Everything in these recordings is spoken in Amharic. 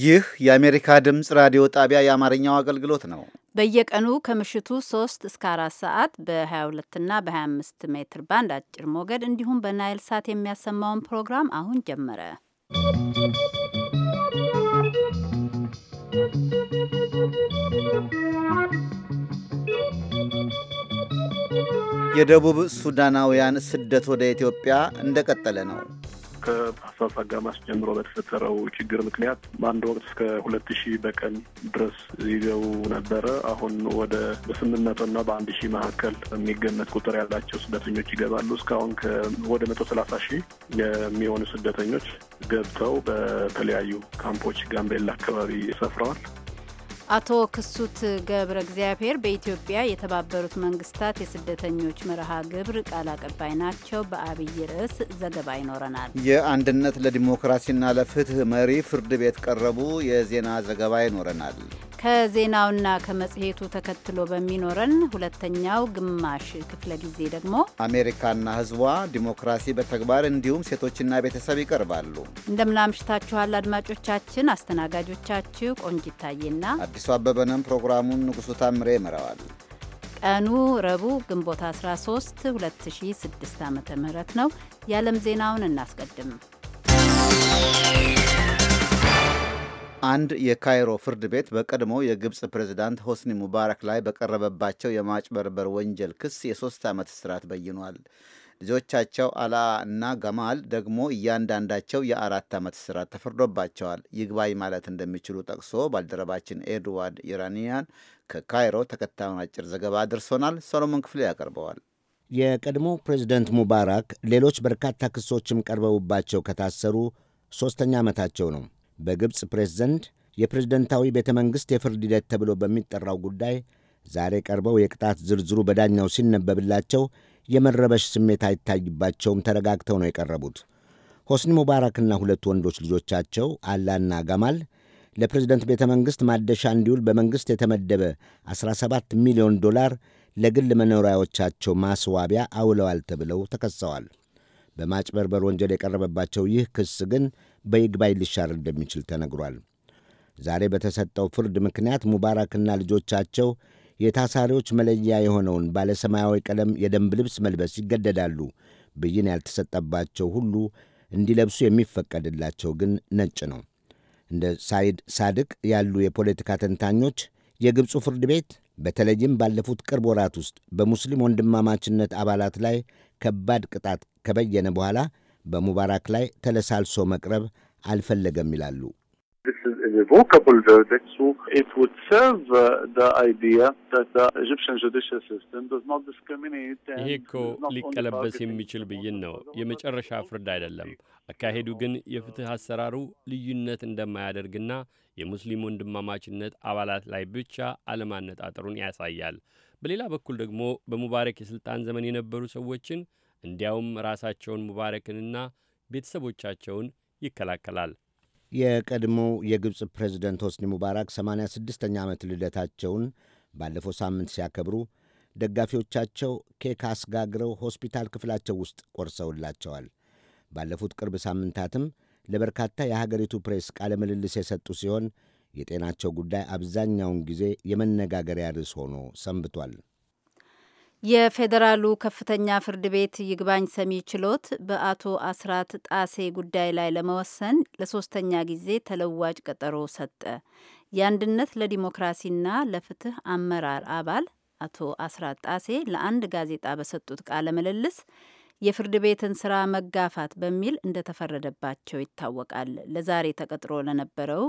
ይህ የአሜሪካ ድምፅ ራዲዮ ጣቢያ የአማርኛው አገልግሎት ነው። በየቀኑ ከምሽቱ 3 እስከ 4 ሰዓት በ22 እና በ25 ሜትር ባንድ አጭር ሞገድ እንዲሁም በናይል ሳት የሚያሰማውን ፕሮግራም አሁን ጀመረ። የደቡብ ሱዳናውያን ስደት ወደ ኢትዮጵያ እንደቀጠለ ነው። ከታህሳስ አጋማሽ ጀምሮ በተፈጠረው ችግር ምክንያት በአንድ ወቅት እስከ ሁለት ሺህ በቀን ድረስ ይገቡ ነበረ። አሁን ወደ በስምንት መቶና በአንድ ሺህ መካከል የሚገመት ቁጥር ያላቸው ስደተኞች ይገባሉ። እስካሁን ወደ መቶ ሰላሳ ሺህ የሚሆኑ ስደተኞች ገብተው በተለያዩ ካምፖች ጋምቤላ አካባቢ ሰፍረዋል። አቶ ክሱት ገብረ እግዚአብሔር በኢትዮጵያ የተባበሩት መንግስታት የስደተኞች መርሃ ግብር ቃል አቀባይ ናቸው። በአብይ ርዕስ ዘገባ ይኖረናል። የአንድነት ለዲሞክራሲና ለፍትህ መሪ ፍርድ ቤት ቀረቡ። የዜና ዘገባ ይኖረናል። ከዜናውና ከመጽሔቱ ተከትሎ በሚኖረን ሁለተኛው ግማሽ ክፍለ ጊዜ ደግሞ አሜሪካና ህዝቧ ዲሞክራሲ በተግባር እንዲሁም ሴቶችና ቤተሰብ ይቀርባሉ። እንደምናምሽታችኋል አድማጮቻችን። አስተናጋጆቻችሁ ቆንጂታዬና አዲሱ አበበንም ፕሮግራሙን ንጉሱ ታምሬ ይመራዋል። ቀኑ ረቡዕ ግንቦት 13 2006 ዓ ም ነው። የዓለም ዜናውን እናስቀድም። አንድ የካይሮ ፍርድ ቤት በቀድሞ የግብፅ ፕሬዝዳንት ሆስኒ ሙባረክ ላይ በቀረበባቸው የማጭበርበር ወንጀል ክስ የሶስት ዓመት እስራት በይኗል። ልጆቻቸው አላ እና ገማል ደግሞ እያንዳንዳቸው የአራት ዓመት እስራት ተፈርዶባቸዋል። ይግባኝ ማለት እንደሚችሉ ጠቅሶ ባልደረባችን ኤድዋርድ ኢራኒያን ከካይሮ ተከታዩን አጭር ዘገባ አድርሶናል። ሰሎሞን ክፍሌ ያቀርበዋል። የቀድሞ ፕሬዚደንት ሙባራክ ሌሎች በርካታ ክሶችም ቀርበውባቸው ከታሰሩ ሦስተኛ ዓመታቸው ነው። በግብፅ ፕሬስ ዘንድ የፕሬዝደንታዊ ቤተ መንግሥት የፍርድ ሂደት ተብሎ በሚጠራው ጉዳይ ዛሬ ቀርበው የቅጣት ዝርዝሩ በዳኛው ሲነበብላቸው የመረበሽ ስሜት አይታይባቸውም። ተረጋግተው ነው የቀረቡት። ሆስኒ ሙባረክና ሁለቱ ወንዶች ልጆቻቸው አላና ገማል ለፕሬዝደንት ቤተ መንግሥት ማደሻ እንዲውል በመንግሥት የተመደበ 17 ሚሊዮን ዶላር ለግል መኖሪያዎቻቸው ማስዋቢያ አውለዋል ተብለው ተከሰዋል። በማጭበርበር ወንጀል የቀረበባቸው ይህ ክስ ግን በይግባይ ሊሻር እንደሚችል ተነግሯል። ዛሬ በተሰጠው ፍርድ ምክንያት ሙባረክና ልጆቻቸው የታሳሪዎች መለያ የሆነውን ባለሰማያዊ ቀለም የደንብ ልብስ መልበስ ይገደዳሉ። ብይን ያልተሰጠባቸው ሁሉ እንዲለብሱ የሚፈቀድላቸው ግን ነጭ ነው። እንደ ሳይድ ሳድቅ ያሉ የፖለቲካ ተንታኞች የግብፁ ፍርድ ቤት በተለይም ባለፉት ቅርብ ወራት ውስጥ በሙስሊም ወንድማማችነት አባላት ላይ ከባድ ቅጣት ከበየነ በኋላ በሙባራክ ላይ ተለሳልሶ መቅረብ አልፈለገም ይላሉ። This is irrevocable verdict, so it would serve uh, the idea that the Egyptian judicial system does not discriminate. ይሄ እኮ ሊቀለበስ የሚችል ብይን ነው፣ የመጨረሻ ፍርድ አይደለም። አካሄዱ ግን የፍትህ አሰራሩ ልዩነት እንደማያደርግና የሙስሊም ወንድማማችነት አባላት ላይ ብቻ አለማነጣጠሩን ያሳያል። በሌላ በኩል ደግሞ በሙባረክ የሥልጣን ዘመን የነበሩ ሰዎችን እንዲያውም ራሳቸውን ሙባረክንና ቤተሰቦቻቸውን ይከላከላል። የቀድሞው የግብፅ ፕሬዝደንት ሆስኒ ሙባራክ 86ኛ ዓመት ልደታቸውን ባለፈው ሳምንት ሲያከብሩ ደጋፊዎቻቸው ኬክ አስጋግረው ሆስፒታል ክፍላቸው ውስጥ ቆርሰውላቸዋል። ባለፉት ቅርብ ሳምንታትም ለበርካታ የሀገሪቱ ፕሬስ ቃለ ምልልስ የሰጡ ሲሆን የጤናቸው ጉዳይ አብዛኛውን ጊዜ የመነጋገሪያ ርዕስ ሆኖ ሰንብቷል። የፌዴራሉ ከፍተኛ ፍርድ ቤት ይግባኝ ሰሚ ችሎት በአቶ አስራት ጣሴ ጉዳይ ላይ ለመወሰን ለሶስተኛ ጊዜ ተለዋጭ ቀጠሮ ሰጠ። የአንድነት ለዲሞክራሲና ለፍትህ አመራር አባል አቶ አስራት ጣሴ ለአንድ ጋዜጣ በሰጡት ቃለ ምልልስ የፍርድ ቤትን ስራ መጋፋት በሚል እንደተፈረደባቸው ይታወቃል። ለዛሬ ተቀጥሮ ለነበረው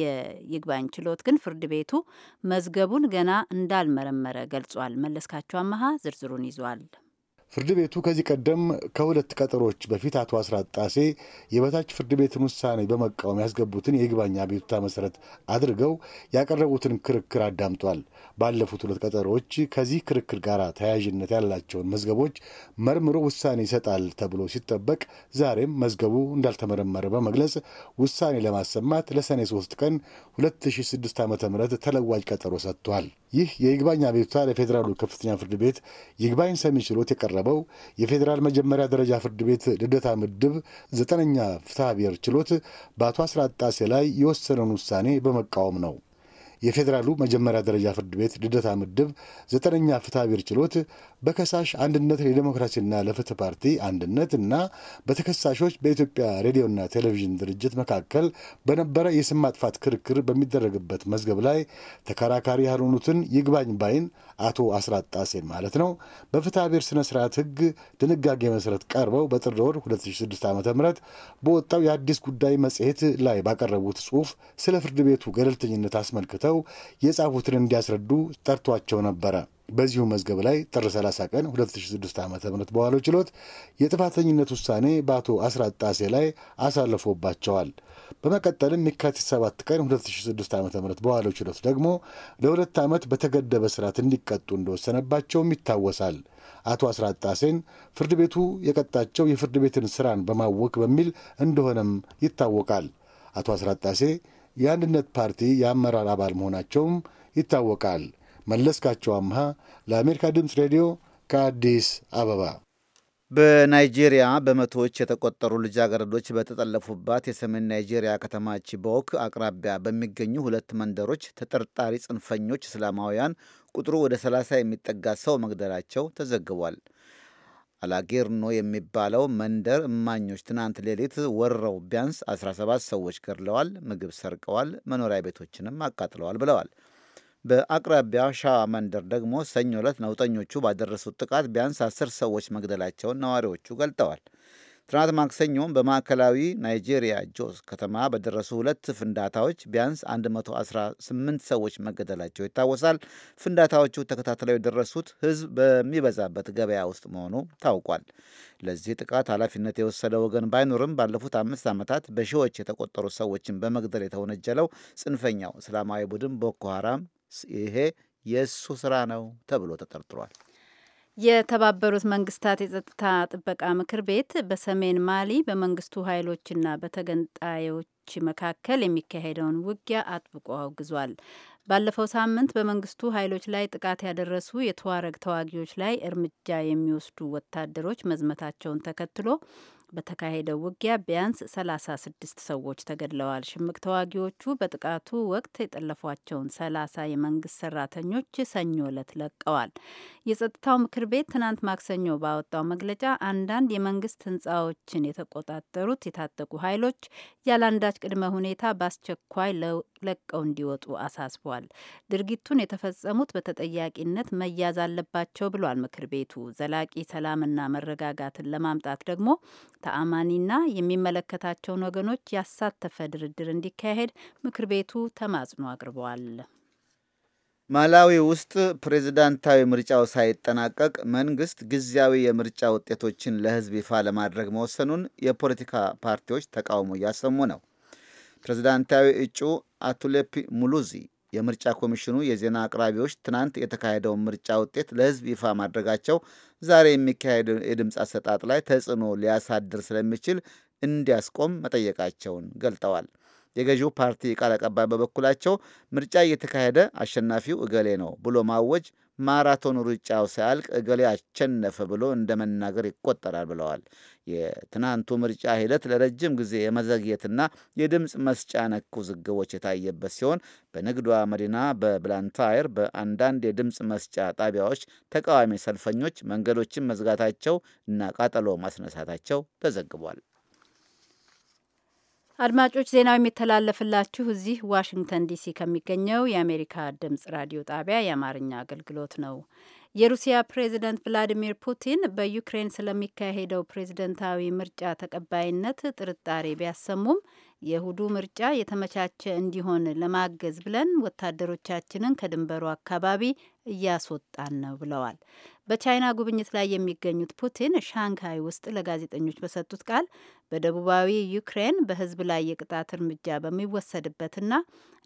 የይግባኝ ችሎት ግን ፍርድ ቤቱ መዝገቡን ገና እንዳልመረመረ ገልጿል። መለስካቸው አመሀ ዝርዝሩን ይዟል። ፍርድ ቤቱ ከዚህ ቀደም ከሁለት ቀጠሮች በፊት አቶ አስራት ጣሴ የበታች ፍርድ ቤትን ውሳኔ በመቃወም ያስገቡትን የይግባኝ አቤቱታ መሰረት አድርገው ያቀረቡትን ክርክር አዳምጧል። ባለፉት ሁለት ቀጠሮዎች ከዚህ ክርክር ጋር ተያያዥነት ያላቸውን መዝገቦች መርምሮ ውሳኔ ይሰጣል ተብሎ ሲጠበቅ ዛሬም መዝገቡ እንዳልተመረመረ በመግለጽ ውሳኔ ለማሰማት ለሰኔ 3 ቀን 2006 ዓ ም ተለዋጅ ቀጠሮ ሰጥቷል። ይህ የይግባኝ አቤቱታ ለፌዴራሉ ከፍተኛ ፍርድ ቤት ይግባኝ ሰሚ ችሎት የቀረበ የቀረበው የፌዴራል መጀመሪያ ደረጃ ፍርድ ቤት ልደታ ምድብ ዘጠነኛ ፍትሐ ብሔር ችሎት በአቶ አስራት ጣሴ ላይ የወሰነውን ውሳኔ በመቃወም ነው። የፌዴራሉ መጀመሪያ ደረጃ ፍርድ ቤት ልደታ ምድብ ዘጠነኛ ፍትሐ ብሔር ችሎት በከሳሽ አንድነት ለዲሞክራሲና ለፍትህ ፓርቲ አንድነት እና በተከሳሾች በኢትዮጵያ ሬዲዮና ቴሌቪዥን ድርጅት መካከል በነበረ የስም ማጥፋት ክርክር በሚደረግበት መዝገብ ላይ ተከራካሪ ያልሆኑትን ይግባኝ ባይን አቶ አስራት ጣሴን ማለት ነው በፍትሐ ብሔር ስነ ስርዓት ህግ ድንጋጌ መሰረት ቀርበው በጥር ወር 2006 ዓ ም በወጣው የአዲስ ጉዳይ መጽሔት ላይ ባቀረቡት ጽሑፍ ስለ ፍርድ ቤቱ ገለልተኝነት አስመልክተው የጻፉትን እንዲያስረዱ ጠርቷቸው ነበረ። በዚሁ መዝገብ ላይ ጥር 30 ቀን 2006 ዓ ም በኋላ ችሎት የጥፋተኝነት ውሳኔ በአቶ አስራት ጣሴ ላይ አሳልፎባቸዋል። በመቀጠልም የካቲት 7 ቀን 2006 ዓ ም በኋላ ችሎት ደግሞ ለሁለት ዓመት በተገደበ ስርዓት እንዲቀጡ እንደወሰነባቸውም ይታወሳል። አቶ አስራት ጣሴን ፍርድ ቤቱ የቀጣቸው የፍርድ ቤትን ስራን በማወክ በሚል እንደሆነም ይታወቃል። አቶ አስራት ጣሴ የአንድነት ፓርቲ የአመራር አባል መሆናቸውም ይታወቃል። መለስካቸው አምሃ ለአሜሪካ ድምፅ ሬዲዮ ከአዲስ አበባ። በናይጄሪያ በመቶዎች የተቆጠሩ ልጃገረዶች በተጠለፉባት የሰሜን ናይጄሪያ ከተማ ቺቦክ አቅራቢያ በሚገኙ ሁለት መንደሮች ተጠርጣሪ ጽንፈኞች እስላማውያን ቁጥሩ ወደ 30 የሚጠጋ ሰው መግደላቸው ተዘግቧል። አላጌርኖ የሚባለው መንደር እማኞች ትናንት ሌሊት ወረው ቢያንስ 17 ሰዎች ገድለዋል፣ ምግብ ሰርቀዋል፣ መኖሪያ ቤቶችንም አቃጥለዋል ብለዋል። በአቅራቢያ ሻዋ መንደር ደግሞ ሰኞ ዕለት ነውጠኞቹ ባደረሱት ጥቃት ቢያንስ አስር ሰዎች መግደላቸውን ነዋሪዎቹ ገልጠዋል። ትናንት ማክሰኞም በማዕከላዊ ናይጄሪያ ጆስ ከተማ በደረሱ ሁለት ፍንዳታዎች ቢያንስ 118 ሰዎች መገደላቸው ይታወሳል። ፍንዳታዎቹ ተከታትለው የደረሱት ሕዝብ በሚበዛበት ገበያ ውስጥ መሆኑ ታውቋል። ለዚህ ጥቃት ኃላፊነት የወሰደ ወገን ባይኖርም ባለፉት አምስት ዓመታት በሺዎች የተቆጠሩ ሰዎችን በመግደል የተወነጀለው ጽንፈኛው እስላማዊ ቡድን ቦኮ ሐራም ይሄ የእሱ ስራ ነው ተብሎ ተጠርጥሯል። የተባበሩት መንግስታት የጸጥታ ጥበቃ ምክር ቤት በሰሜን ማሊ በመንግስቱ ኃይሎችና በተገንጣዮች መካከል የሚካሄደውን ውጊያ አጥብቆ አውግዟል። ባለፈው ሳምንት በመንግስቱ ኃይሎች ላይ ጥቃት ያደረሱ የተዋረግ ተዋጊዎች ላይ እርምጃ የሚወስዱ ወታደሮች መዝመታቸውን ተከትሎ በተካሄደው ውጊያ ቢያንስ 36 ሰዎች ተገድለዋል። ሽምቅ ተዋጊዎቹ በጥቃቱ ወቅት የጠለፏቸውን 30 የመንግስት ሰራተኞች ሰኞ እለት ለቀዋል። የጸጥታው ምክር ቤት ትናንት ማክሰኞ ባወጣው መግለጫ አንዳንድ የመንግስት ህንጻዎችን የተቆጣጠሩት የታጠቁ ኃይሎች ያለአንዳች ቅድመ ሁኔታ በአስቸኳይ ለቀው እንዲወጡ አሳስቧል። ድርጊቱን የተፈጸሙት በተጠያቂነት መያዝ አለባቸው ብሏል ምክር ቤቱ። ዘላቂ ሰላምና መረጋጋትን ለማምጣት ደግሞ ተአማኒና የሚመለከታቸውን ወገኖች ያሳተፈ ድርድር እንዲካሄድ ምክር ቤቱ ተማጽኖ አቅርበዋል። ማላዊ ውስጥ ፕሬዝዳንታዊ ምርጫው ሳይጠናቀቅ መንግስት ጊዜያዊ የምርጫ ውጤቶችን ለሕዝብ ይፋ ለማድረግ መወሰኑን የፖለቲካ ፓርቲዎች ተቃውሞ እያሰሙ ነው። ፕሬዝዳንታዊ እጩ አቱሌፒ ሙሉዚ የምርጫ ኮሚሽኑ የዜና አቅራቢዎች ትናንት የተካሄደውን ምርጫ ውጤት ለሕዝብ ይፋ ማድረጋቸው ዛሬ የሚካሄድ የድምፅ አሰጣጥ ላይ ተጽዕኖ ሊያሳድር ስለሚችል እንዲያስቆም መጠየቃቸውን ገልጠዋል። የገዢው ፓርቲ ቃል አቀባይ በበኩላቸው ምርጫ እየተካሄደ አሸናፊው እገሌ ነው ብሎ ማወጅ ማራቶን ሩጫው ሲያልቅ እገሌ አቸነፈ ብሎ እንደ መናገር ይቆጠራል ብለዋል። የትናንቱ ምርጫ ሂደት ለረጅም ጊዜ የመዘግየትና የድምፅ መስጫ ነክ ውዝግቦች የታየበት ሲሆን በንግዷ መዲና በብላንታየር በአንዳንድ የድምፅ መስጫ ጣቢያዎች ተቃዋሚ ሰልፈኞች መንገዶችን መዝጋታቸው እና ቃጠሎ ማስነሳታቸው ተዘግቧል። አድማጮች ዜናው የሚተላለፍላችሁ እዚህ ዋሽንግተን ዲሲ ከሚገኘው የአሜሪካ ድምጽ ራዲዮ ጣቢያ የአማርኛ አገልግሎት ነው። የሩሲያ ፕሬዚደንት ቭላዲሚር ፑቲን በዩክሬን ስለሚካሄደው ፕሬዝደንታዊ ምርጫ ተቀባይነት ጥርጣሬ ቢያሰሙም የእሁዱ ምርጫ የተመቻቸ እንዲሆን ለማገዝ ብለን ወታደሮቻችንን ከድንበሩ አካባቢ እያስወጣን ነው ብለዋል። በቻይና ጉብኝት ላይ የሚገኙት ፑቲን ሻንግሃይ ውስጥ ለጋዜጠኞች በሰጡት ቃል በደቡባዊ ዩክሬን በህዝብ ላይ የቅጣት እርምጃ በሚወሰድበትና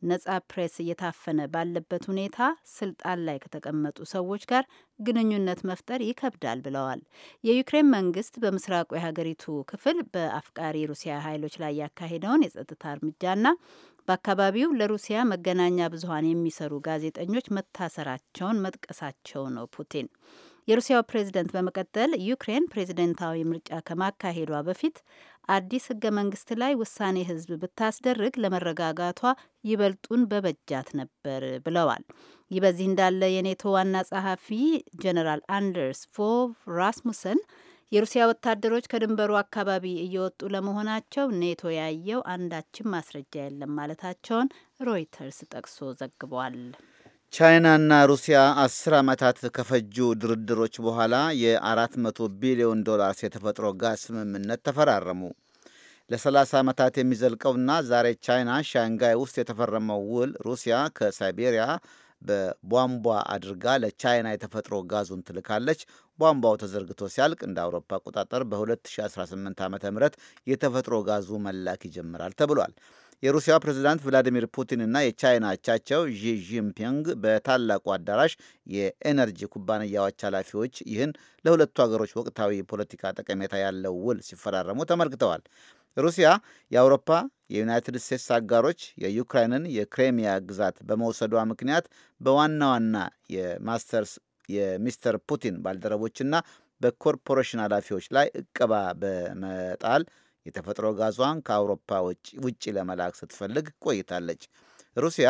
ነጻ ፕሬስ እየታፈነ ባለበት ሁኔታ ስልጣን ላይ ከተቀመጡ ሰዎች ጋር ግንኙነት መፍጠር ይከብዳል ብለዋል። የዩክሬን መንግስት በምስራቁ የሀገሪቱ ክፍል በአፍቃሪ ሩሲያ ኃይሎች ላይ ያካሄደውን የጸጥታ እርምጃና በአካባቢው ለሩሲያ መገናኛ ብዙኃን የሚሰሩ ጋዜጠኞች መታሰራቸውን መጥቀሳቸው ነው ፑቲን የሩሲያው ፕሬዝደንት በመቀጠል ዩክሬን ፕሬዝደንታዊ ምርጫ ከማካሄዷ በፊት አዲስ ህገ መንግስት ላይ ውሳኔ ህዝብ ብታስደርግ ለመረጋጋቷ ይበልጡን በበጃት ነበር ብለዋል። ይህ በዚህ እንዳለ የኔቶ ዋና ጸሐፊ ጀነራል አንደርስ ፎቭ ራስሙሰን የሩሲያ ወታደሮች ከድንበሩ አካባቢ እየወጡ ለመሆናቸው ኔቶ ያየው አንዳችም ማስረጃ የለም ማለታቸውን ሮይተርስ ጠቅሶ ዘግቧል። ቻይናና ሩሲያ አስር ዓመታት ከፈጁ ድርድሮች በኋላ የ400 ቢሊዮን ዶላርስ የተፈጥሮ ጋዝ ስምምነት ተፈራረሙ። ለ30 ዓመታት የሚዘልቀውና ዛሬ ቻይና ሻንጋይ ውስጥ የተፈረመው ውል ሩሲያ ከሳይቤሪያ በቧንቧ አድርጋ ለቻይና የተፈጥሮ ጋዙን ትልካለች። ቧንቧው ተዘርግቶ ሲያልቅ እንደ አውሮፓ አቆጣጠር በ2018 ዓ ም የተፈጥሮ ጋዙ መላክ ይጀምራል ተብሏል። የሩሲያ ፕሬዚዳንት ቭላዲሚር ፑቲንና የቻይና አቻቸው ዢ ጂንፒንግ በታላቁ አዳራሽ የኤነርጂ ኩባንያዎች ኃላፊዎች ይህን ለሁለቱ ሀገሮች ወቅታዊ ፖለቲካ ጠቀሜታ ያለው ውል ሲፈራረሙ ተመልክተዋል። ሩሲያ የአውሮፓ የዩናይትድ ስቴትስ አጋሮች የዩክራይንን የክሬሚያ ግዛት በመውሰዷ ምክንያት በዋና ዋና የማስተርስ የሚስተር ፑቲን ባልደረቦችና በኮርፖሬሽን ኃላፊዎች ላይ እቀባ በመጣል የተፈጥሮ ጋዟን ከአውሮፓ ውጭ ለመላክ ስትፈልግ ቆይታለች። ሩሲያ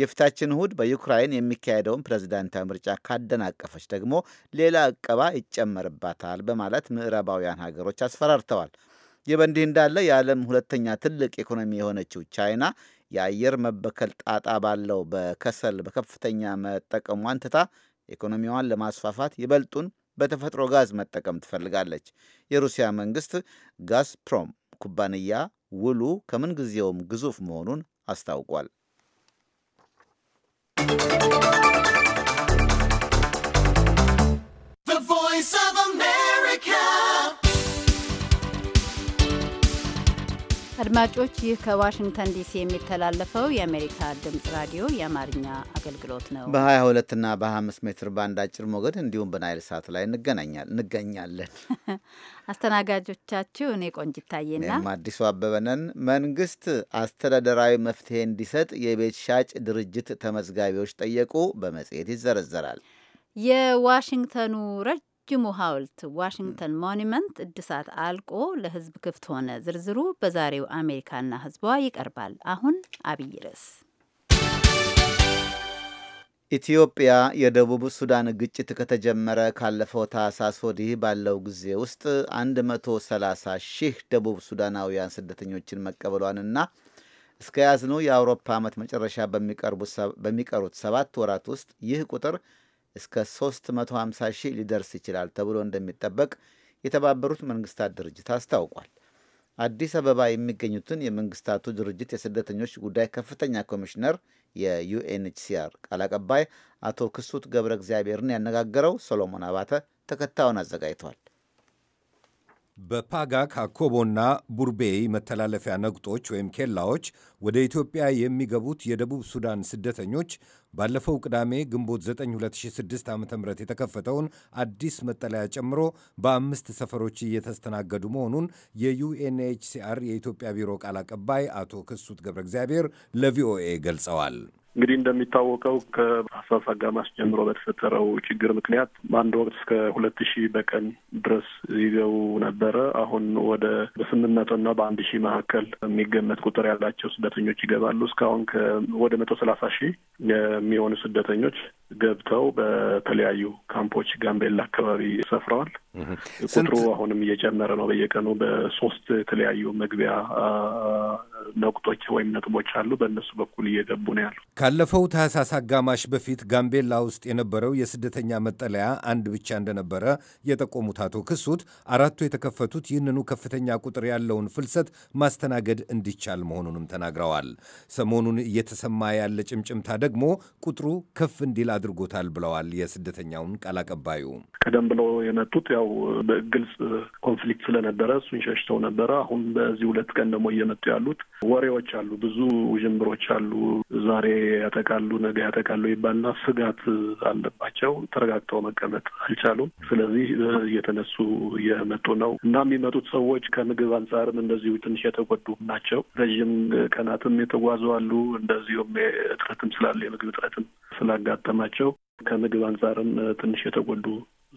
የፊታችን እሁድ በዩክራይን የሚካሄደውን ፕሬዚዳንታዊ ምርጫ ካደናቀፈች ደግሞ ሌላ እቀባ ይጨመርባታል በማለት ምዕራባውያን ሀገሮች አስፈራርተዋል። ይህ በእንዲህ እንዳለ የዓለም ሁለተኛ ትልቅ ኢኮኖሚ የሆነችው ቻይና የአየር መበከል ጣጣ ባለው በከሰል በከፍተኛ መጠቀሟን ትታ ኢኮኖሚዋን ለማስፋፋት ይበልጡን በተፈጥሮ ጋዝ መጠቀም ትፈልጋለች። የሩሲያ መንግስት ጋዝፕሮም ኩባንያ ውሉ ከምንጊዜውም ግዙፍ መሆኑን አስታውቋል። አድማጮች ይህ ከዋሽንግተን ዲሲ የሚተላለፈው የአሜሪካ ድምጽ ራዲዮ የአማርኛ አገልግሎት ነው። በ22 ና በ25 ሜትር ባንድ አጭር ሞገድ እንዲሁም በናይል ሳት ላይ እንገኛለን። አስተናጋጆቻችሁ እኔ ቆንጂት አዲሱ አበበነን። መንግስት አስተዳደራዊ መፍትሄ እንዲሰጥ የቤት ሻጭ ድርጅት ተመዝጋቢዎች ጠየቁ። በመጽሔት ይዘረዘራል። የዋሽንግተኑ ረጅ የረጅሙ ሐውልት ዋሽንግተን ሞኒመንት እድሳት አልቆ ለሕዝብ ክፍት ሆነ። ዝርዝሩ በዛሬው አሜሪካና ሕዝቧ ይቀርባል። አሁን አብይ ርዕስ ኢትዮጵያ የደቡብ ሱዳን ግጭት ከተጀመረ ካለፈው ታህሳስ ወዲህ ባለው ጊዜ ውስጥ 130 ሺህ ደቡብ ሱዳናውያን ስደተኞችን መቀበሏንና እስከ ያዝነው የአውሮፓ ዓመት መጨረሻ በሚቀሩት ሰባት ወራት ውስጥ ይህ ቁጥር እስከ 350 ሺህ ሊደርስ ይችላል ተብሎ እንደሚጠበቅ የተባበሩት መንግስታት ድርጅት አስታውቋል። አዲስ አበባ የሚገኙትን የመንግስታቱ ድርጅት የስደተኞች ጉዳይ ከፍተኛ ኮሚሽነር የዩኤንኤችሲአር ቃል አቀባይ አቶ ክሱት ገብረ እግዚአብሔርን ያነጋገረው ሶሎሞን አባተ ተከታዩን አዘጋጅቷል። በፓጋክ አኮቦና ቡርቤይ መተላለፊያ ነቁጦች ወይም ኬላዎች ወደ ኢትዮጵያ የሚገቡት የደቡብ ሱዳን ስደተኞች ባለፈው ቅዳሜ ግንቦት 9 2006 ዓ ም የተከፈተውን አዲስ መጠለያ ጨምሮ በአምስት ሰፈሮች እየተስተናገዱ መሆኑን የዩኤንኤችሲአር የኢትዮጵያ ቢሮ ቃል አቀባይ አቶ ክሱት ገብረ እግዚአብሔር ለቪኦኤ ገልጸዋል። እንግዲህ እንደሚታወቀው ከሀሳስ አጋማሽ ጀምሮ በተፈጠረው ችግር ምክንያት በአንድ ወቅት እስከ ሁለት ሺህ በቀን ድረስ ይገቡ ነበረ። አሁን ወደ በስምንት መቶ እና በአንድ ሺህ መካከል የሚገመት ቁጥር ያላቸው ስደተኞች ይገባሉ። እስካሁን ወደ መቶ ሰላሳ ሺህ የሚሆኑ ስደተኞች ገብተው በተለያዩ ካምፖች ጋምቤላ አካባቢ ሰፍረዋል። ቁጥሩ አሁንም እየጨመረ ነው። በየቀኑ በሶስት የተለያዩ መግቢያ ነቁጦች ወይም ነጥቦች አሉ። በእነሱ በኩል እየገቡ ነው ያሉ። ካለፈው ታህሳስ አጋማሽ በፊት ጋምቤላ ውስጥ የነበረው የስደተኛ መጠለያ አንድ ብቻ እንደነበረ የጠቆሙት አቶ ክሱት አራቱ የተከፈቱት ይህንኑ ከፍተኛ ቁጥር ያለውን ፍልሰት ማስተናገድ እንዲቻል መሆኑንም ተናግረዋል። ሰሞኑን እየተሰማ ያለ ጭምጭምታ ደግሞ ቁጥሩ ከፍ እንዲል አድርጎታል ብለዋል የስደተኛውን ቃል አቀባዩ። ቀደም ብለው የመጡት ያው በግልጽ ኮንፍሊክት ስለነበረ እሱን ሸሽተው ነበረ። አሁን በዚህ ሁለት ቀን ደግሞ እየመጡ ያሉት ወሬዎች አሉ፣ ብዙ ውዥንብሮች አሉ። ዛሬ ያጠቃሉ፣ ነገ ያጠቃሉ ይባልና ስጋት አለባቸው። ተረጋግተው መቀመጥ አልቻሉም። ስለዚህ እየተነሱ እየመጡ ነው እና የሚመጡት ሰዎች ከምግብ አንጻርም እንደዚሁ ትንሽ የተጎዱ ናቸው። ረዥም ቀናትም የተጓዙ አሉ። እንደዚሁም እጥረትም ስላለ የምግብ እጥረትም ስላጋጠማቸው ናቸው። ከምግብ አንጻርም ትንሽ የተጎዱ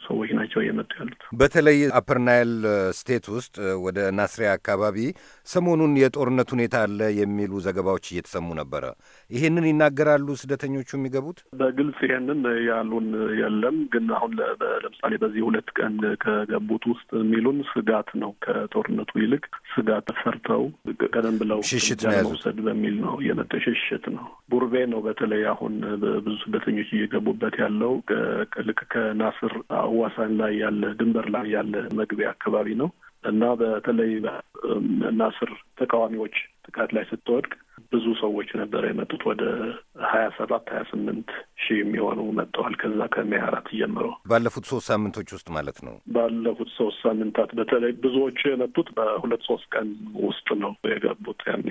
ሰዎች ናቸው እየመጡ ያሉት። በተለይ አፐርናይል ስቴት ውስጥ ወደ ናስሪያ አካባቢ ሰሞኑን የጦርነት ሁኔታ አለ የሚሉ ዘገባዎች እየተሰሙ ነበረ። ይሄንን ይናገራሉ ስደተኞቹ የሚገቡት? በግልጽ ይሄንን ያሉን የለም። ግን አሁን ለምሳሌ በዚህ ሁለት ቀን ከገቡት ውስጥ የሚሉን ስጋት ነው። ከጦርነቱ ይልቅ ስጋት ፈርተው ቀደም ብለው ሽሽት መውሰድ በሚል ነው የመጠ ሽሽት ነው። ቡርቤ ነው በተለይ አሁን ብዙ ስደተኞች እየገቡበት ያለው ልክ ከናስር አዋሳኝ ላይ ያለ ድንበር ላይ ያለ መግቢያ አካባቢ ነው እና በተለይ ናስር ተቃዋሚዎች ጥቃት ላይ ስትወድቅ ብዙ ሰዎች ነበረ የመጡት። ወደ ሀያ ሰባት ሀያ ስምንት ሺህ የሚሆኑ መጥተዋል። ከዛ ከሜ አራት ጀምሮ ባለፉት ሶስት ሳምንቶች ውስጥ ማለት ነው። ባለፉት ሶስት ሳምንታት በተለይ ብዙዎቹ የመጡት በሁለት ሶስት ቀን ውስጥ ነው የገቡት ያኔ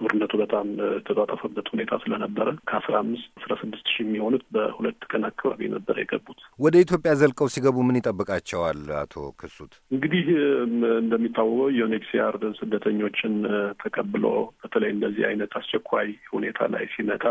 ጦርነቱ በጣም የተጧጠፈበት ሁኔታ ስለነበረ ከአስራ አምስት አስራ ስድስት ሺህ የሚሆኑት በሁለት ቀን አካባቢ ነበር የገቡት። ወደ ኢትዮጵያ ዘልቀው ሲገቡ ምን ይጠብቃቸዋል? አቶ ክሱት እንግዲህ እንደሚታወቀው ዩኤንኤችሲአር ስደተኞችን ተቀብሎ በተለይ እንደዚህ አይነት አስቸኳይ ሁኔታ ላይ ሲመጣ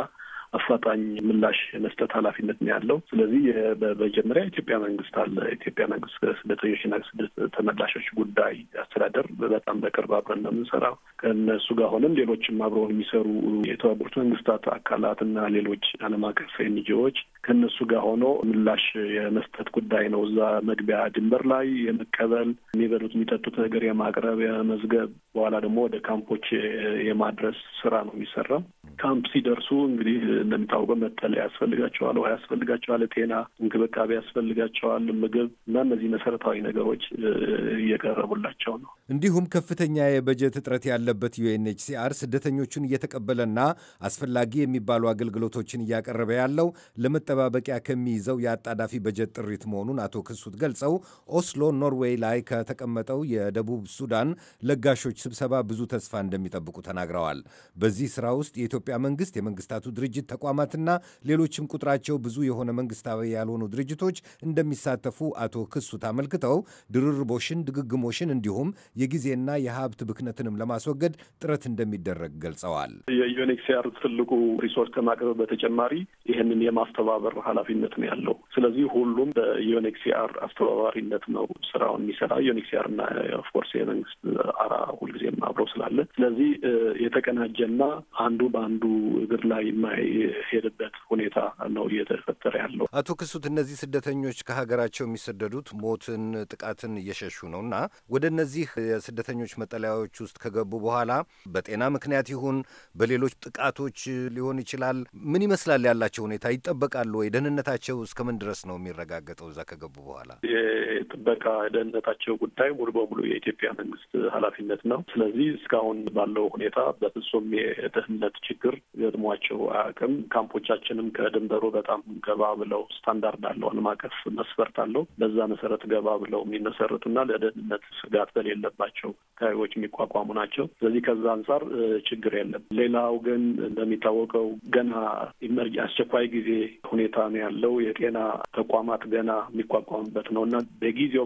አፋጣኝ ምላሽ መስጠት ኃላፊነት ነው ያለው። ስለዚህ በመጀመሪያ ኢትዮጵያ መንግስት አለ። ኢትዮጵያ መንግስት ስደተኞችና ስደት ተመላሾች ጉዳይ አስተዳደር በጣም በቅርብ አብረን ነው የምንሰራው። ከእነሱ ጋር ሆነም ሌሎችም አብረው የሚሰሩ የተባበሩት መንግስታት አካላት እና ሌሎች ዓለም አቀፍ ኤንጂዎች ከእነሱ ጋር ሆኖ ምላሽ የመስጠት ጉዳይ ነው። እዛ መግቢያ ድንበር ላይ የመቀበል የሚበሉት የሚጠጡት ነገር የማቅረብ የመዝገብ በኋላ ደግሞ ወደ ካምፖች የማድረስ ስራ ነው የሚሰራው። ካምፕ ሲደርሱ እንግዲህ እንደሚታወቀው መጠለያ ያስፈልጋቸዋል፣ ውሃ ያስፈልጋቸዋል፣ ጤና እንክብካቤ ያስፈልጋቸዋል፣ ምግብ እና እነዚህ መሰረታዊ ነገሮች እየቀረቡላቸው ነው። እንዲሁም ከፍተኛ የበጀት እጥረት ያለበት ዩኤንኤችሲአር ስደተኞቹን እየተቀበለና አስፈላጊ የሚባሉ አገልግሎቶችን እያቀረበ ያለው ለመጠባበቂያ ከሚይዘው የአጣዳፊ በጀት ጥሪት መሆኑን አቶ ክሱት ገልጸው ኦስሎ ኖርዌይ ላይ ከተቀመጠው የደቡብ ሱዳን ለጋሾች ስብሰባ ብዙ ተስፋ እንደሚጠብቁ ተናግረዋል። በዚህ ስራ ውስጥ የኢትዮጵያ መንግስት፣ የመንግስታቱ ድርጅት ተቋማትና ሌሎችም ቁጥራቸው ብዙ የሆነ መንግስታዊ ያልሆኑ ድርጅቶች እንደሚሳተፉ አቶ ክሱት አመልክተው ድርርቦሽን፣ ድግግሞሽን እንዲሁም የጊዜና የሀብት ብክነትንም ለማስወገድ ጥረት እንደሚደረግ ገልጸዋል። የዩኤንኤችሲአር ትልቁ ሪሶርስ ከማቅረብ በተጨማሪ ይህንን የማስተባበር ኃላፊነት ነው ያለው። ስለዚህ ሁሉም በዩኤንኤችሲአር አስተባባሪነት ነው ስራውን የሚሰራ ዩኤንኤችሲአር እና ኦፍኮርስ የመንግስት አራ ሁልጊዜም አብረው ስላለ ስለዚህ የተቀናጀና አንዱ በአንዱ እግር ላይ የሚሄድበት ሁኔታ ነው እየተፈጠረ ያለው። አቶ ክሱት፣ እነዚህ ስደተኞች ከሀገራቸው የሚሰደዱት ሞትን፣ ጥቃትን እየሸሹ ነው እና ወደ እነዚህ የስደተኞች መጠለያዎች ውስጥ ከገቡ በኋላ በጤና ምክንያት ይሁን በሌሎች ጥቃቶች ሊሆን ይችላል ምን ይመስላል ያላቸው ሁኔታ? ይጠበቃሉ ወይ? ደህንነታቸው እስከምን ድረስ ነው የሚረጋገጠው? እዛ ከገቡ በኋላ የጥበቃ ደህንነታቸው ጉዳይ ሙሉ በሙሉ የኢትዮጵያ መንግስት ኃላፊነት ነው። ስለዚህ እስካሁን ባለው ሁኔታ በፍጹም የደህንነት ችግር ገጥሟቸው አያውቅም። አለን። ካምፖቻችንም ከድንበሩ በጣም ገባ ብለው ስታንዳርድ አለው፣ ዓለም አቀፍ መስፈርት አለው። በዛ መሰረት ገባ ብለው የሚመሰረቱና ለደህንነት ስጋት በሌለባቸው አካባቢዎች የሚቋቋሙ ናቸው። ስለዚህ ከዛ አንጻር ችግር የለም። ሌላው ግን እንደሚታወቀው ገና ኢመርጅ አስቸኳይ ጊዜ ሁኔታ ነው ያለው። የጤና ተቋማት ገና የሚቋቋምበት ነው እና በጊዜው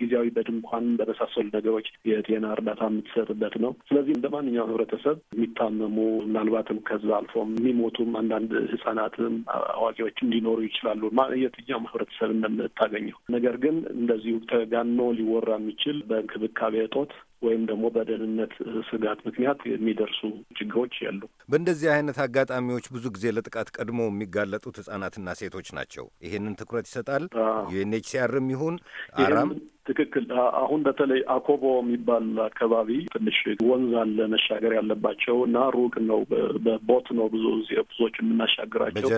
ጊዜያዊ በድንኳን በመሳሰሉ ነገሮች የጤና እርዳታ የምትሰጥበት ነው። ስለዚህ እንደ ማንኛውም ህብረተሰብ የሚታመሙ ምናልባትም ከዛ አልፎም የሚሞቱም አንዳንድ ህጻናትም አዋቂዎችም ሊኖሩ ይችላሉ። የትኛውም ማህበረተሰብ እንደምታገኘው ነገር ግን እንደዚሁ ተጋኖ ሊወራ የሚችል በእንክብካቤ እጦት ወይም ደግሞ በደህንነት ስጋት ምክንያት የሚደርሱ ችግሮች ያሉ። በእንደዚህ አይነት አጋጣሚዎች ብዙ ጊዜ ለጥቃት ቀድሞ የሚጋለጡት ህጻናትና ሴቶች ናቸው። ይሄንን ትኩረት ይሰጣል ዩኤንኤችሲአርም ይሁን አራም። ትክክል። አሁን በተለይ አኮቦ የሚባል አካባቢ ትንሽ ወንዝ አለ መሻገር ያለባቸው እና ሩቅ ነው። በቦት ነው ብዙ ብዙ ወንዞች የምናሻግራቸው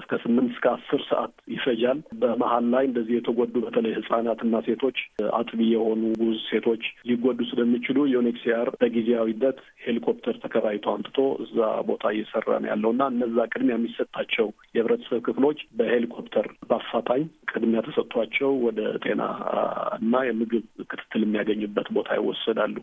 እስከ ስምንት እስከ አስር ሰዓት ይፈጃል። በመሀል ላይ እንደዚህ የተጎዱ በተለይ ህጻናትና ሴቶች አጥቢ የሆኑ ጉዝ ሴቶች ሊጎዱ ስለሚችሉ ዩኤንኤችሲአር በጊዜያዊነት ሄሊኮፕተር ተከራይቶ አምጥቶ እዛ ቦታ እየሰራ ነው ያለው እና እነዛ ቅድሚያ የሚሰጣቸው የህብረተሰብ ክፍሎች በሄሊኮፕተር በአፋጣኝ ቅድሚያ ተሰጥቷቸው ወደ ጤና እና የምግብ ክትትል የሚያገኙበት ቦታ ይወሰዳሉ።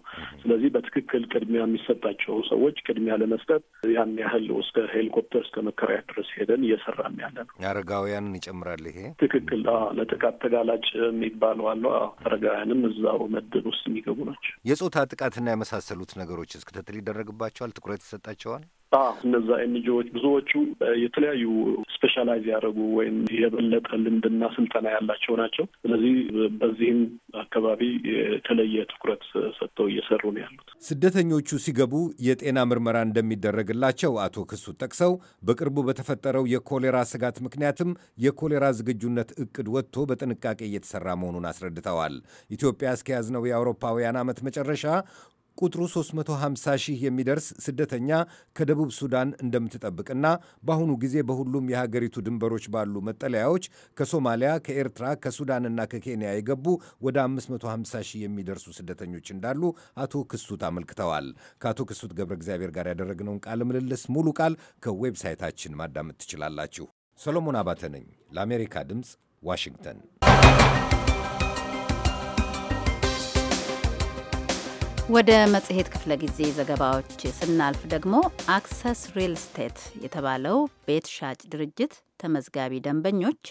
ስለዚህ በትክክል ቅድሚያ የሚሰጣቸው ሰዎች ቅድሚያ ለመስጠት ያን ያህል እስከ ሄሊ ሄሊኮፕተር እስከ መከራያ ድረስ ሄደን እየሰራን ያለ ነው። አረጋውያንን ይጨምራል ይሄ ትክክል። ለጥቃት ተጋላጭ የሚባለው አለ። አረጋውያንም እዛው መድብ ውስጥ የሚገቡ ናቸው። የጾታ ጥቃትና የመሳሰሉት ነገሮች እስክትትል ይደረግባቸዋል፣ ትኩረት ይሰጣቸዋል። እነዛ ኤንጂዎች ብዙዎቹ የተለያዩ ስፔሻላይዝ ያደረጉ ወይም የበለጠ ልምድና ስልጠና ያላቸው ናቸው። ስለዚህ በዚህም አካባቢ የተለየ ትኩረት ሰጥተው እየሰሩ ነው ያሉት። ስደተኞቹ ሲገቡ የጤና ምርመራ እንደሚደረግላቸው አቶ ክሱ ጠቅሰው በቅርቡ በተፈጠረው የኮሌራ ስጋት ምክንያትም የኮሌራ ዝግጁነት እቅድ ወጥቶ በጥንቃቄ እየተሰራ መሆኑን አስረድተዋል። ኢትዮጵያ እስከያዝነው የአውሮፓውያን ዓመት መጨረሻ ቁጥሩ 350 ሺህ የሚደርስ ስደተኛ ከደቡብ ሱዳን እንደምትጠብቅና በአሁኑ ጊዜ በሁሉም የሀገሪቱ ድንበሮች ባሉ መጠለያዎች ከሶማሊያ፣ ከኤርትራ፣ ከሱዳንና ከኬንያ የገቡ ወደ 550 ሺህ የሚደርሱ ስደተኞች እንዳሉ አቶ ክሱት አመልክተዋል። ከአቶ ክሱት ገብረ እግዚአብሔር ጋር ያደረግነውን ቃለ ምልልስ ሙሉ ቃል ከዌብሳይታችን ማዳመጥ ትችላላችሁ። ሰሎሞን አባተ ነኝ ለአሜሪካ ድምፅ ዋሽንግተን ወደ መጽሔት ክፍለ ጊዜ ዘገባዎች ስናልፍ ደግሞ አክሰስ ሪል ስቴት የተባለው ቤት ሻጭ ድርጅት ተመዝጋቢ ደንበኞች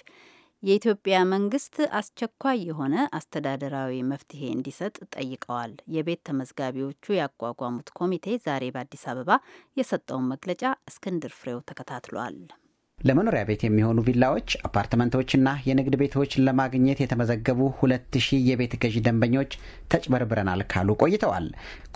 የኢትዮጵያ መንግስት አስቸኳይ የሆነ አስተዳደራዊ መፍትሄ እንዲሰጥ ጠይቀዋል። የቤት ተመዝጋቢዎቹ ያቋቋሙት ኮሚቴ ዛሬ በአዲስ አበባ የሰጠውን መግለጫ እስክንድር ፍሬው ተከታትሏል። ለመኖሪያ ቤት የሚሆኑ ቪላዎች፣ አፓርትመንቶችና የንግድ ቤቶች ለማግኘት የተመዘገቡ ሁለት ሺህ የቤት ገዢ ደንበኞች ተጭበርብረናል ካሉ ቆይተዋል።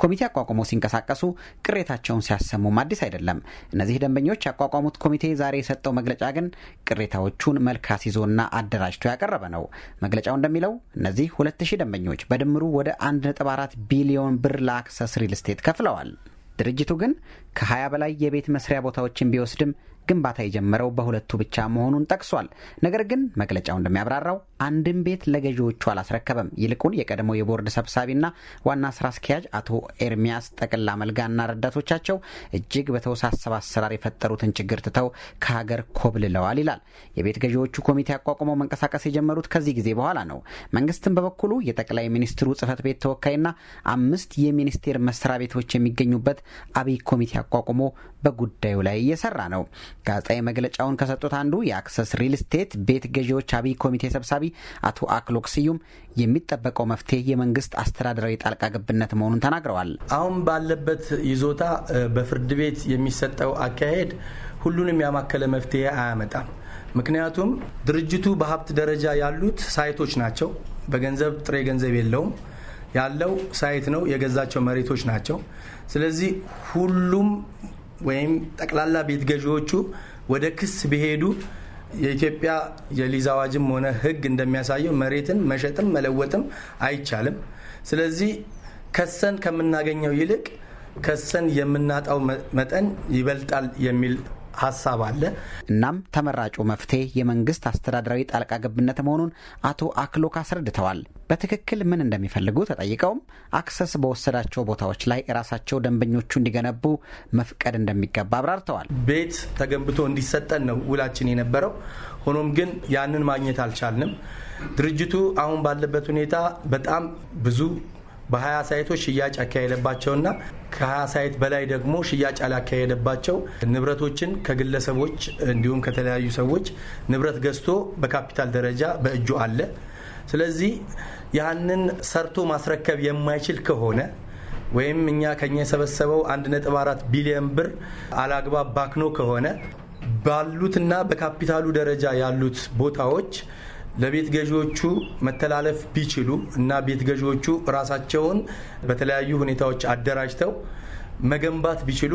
ኮሚቴ አቋቁመው ሲንቀሳቀሱ ቅሬታቸውን ሲያሰሙም አዲስ አይደለም። እነዚህ ደንበኞች ያቋቋሙት ኮሚቴ ዛሬ የሰጠው መግለጫ ግን ቅሬታዎቹን መልክ አስይዞና አደራጅቶ ያቀረበ ነው። መግለጫው እንደሚለው እነዚህ ሁለት ሺህ ደንበኞች በድምሩ ወደ 1.4 ቢሊዮን ብር ለአክሰስ ሪል ስቴት ከፍለዋል። ድርጅቱ ግን ከ20 በላይ የቤት መስሪያ ቦታዎችን ቢወስድም ግንባታ የጀመረው በሁለቱ ብቻ መሆኑን ጠቅሷል። ነገር ግን መግለጫው እንደሚያብራራው አንድም ቤት ለገዢዎቹ አላስረከበም። ይልቁን የቀድሞው የቦርድ ሰብሳቢና ዋና ስራ አስኪያጅ አቶ ኤርሚያስ ጠቅላ መልጋና ረዳቶቻቸው እጅግ በተወሳሰበ አሰራር የፈጠሩትን ችግር ትተው ከሀገር ኮብልለዋል ይላል። የቤት ገዢዎቹ ኮሚቴ አቋቁመው መንቀሳቀስ የጀመሩት ከዚህ ጊዜ በኋላ ነው። መንግስትም በበኩሉ የጠቅላይ ሚኒስትሩ ጽህፈት ቤት ተወካይና አምስት የሚኒስቴር መስሪያ ቤቶች የሚገኙበት አብይ ኮሚቴ አቋቁሞ በጉዳዩ ላይ እየሰራ ነው። ጋዜጣዊ መግለጫውን ከሰጡት አንዱ የአክሰስ ሪል ስቴት ቤት ገዢዎች አብይ ኮሚቴ ሰብሳቢ አቶ አክሎክ ስዩም የሚጠበቀው መፍትሄ የመንግስት አስተዳደራዊ ጣልቃ ገብነት መሆኑን ተናግረዋል። አሁን ባለበት ይዞታ በፍርድ ቤት የሚሰጠው አካሄድ ሁሉንም ያማከለ መፍትሄ አያመጣም። ምክንያቱም ድርጅቱ በሀብት ደረጃ ያሉት ሳይቶች ናቸው። በገንዘብ ጥሬ ገንዘብ የለውም። ያለው ሳይት ነው፣ የገዛቸው መሬቶች ናቸው። ስለዚህ ሁሉም ወይም ጠቅላላ ቤት ገዢዎቹ ወደ ክስ ቢሄዱ የኢትዮጵያ የሊዝ አዋጅም ሆነ ሕግ እንደሚያሳየው መሬትን መሸጥም መለወጥም አይቻልም። ስለዚህ ከሰን ከምናገኘው ይልቅ ከሰን የምናጣው መጠን ይበልጣል የሚል ሀሳብ አለ። እናም ተመራጩ መፍትሄ የመንግስት አስተዳደራዊ ጣልቃ ገብነት መሆኑን አቶ አክሎክ አስረድተዋል። በትክክል ምን እንደሚፈልጉ ተጠይቀውም አክሰስ በወሰዳቸው ቦታዎች ላይ ራሳቸው ደንበኞቹ እንዲገነቡ መፍቀድ እንደሚገባ አብራርተዋል። ቤት ተገንብቶ እንዲሰጠን ነው ውላችን የነበረው። ሆኖም ግን ያንን ማግኘት አልቻልንም። ድርጅቱ አሁን ባለበት ሁኔታ በጣም ብዙ በ20 ሳይቶች ሽያጭ ያካሄደባቸውና ከ20 ሳይት በላይ ደግሞ ሽያጭ ያላካሄደባቸው ንብረቶችን ከግለሰቦች እንዲሁም ከተለያዩ ሰዎች ንብረት ገዝቶ በካፒታል ደረጃ በእጁ አለ። ስለዚህ ያንን ሰርቶ ማስረከብ የማይችል ከሆነ ወይም እኛ ከኛ የሰበሰበው 1.4 ቢሊዮን ብር አላግባብ ባክኖ ከሆነ ባሉትና በካፒታሉ ደረጃ ያሉት ቦታዎች ለቤት ገዢዎቹ መተላለፍ ቢችሉ እና ቤት ገዢዎቹ ራሳቸውን በተለያዩ ሁኔታዎች አደራጅተው መገንባት ቢችሉ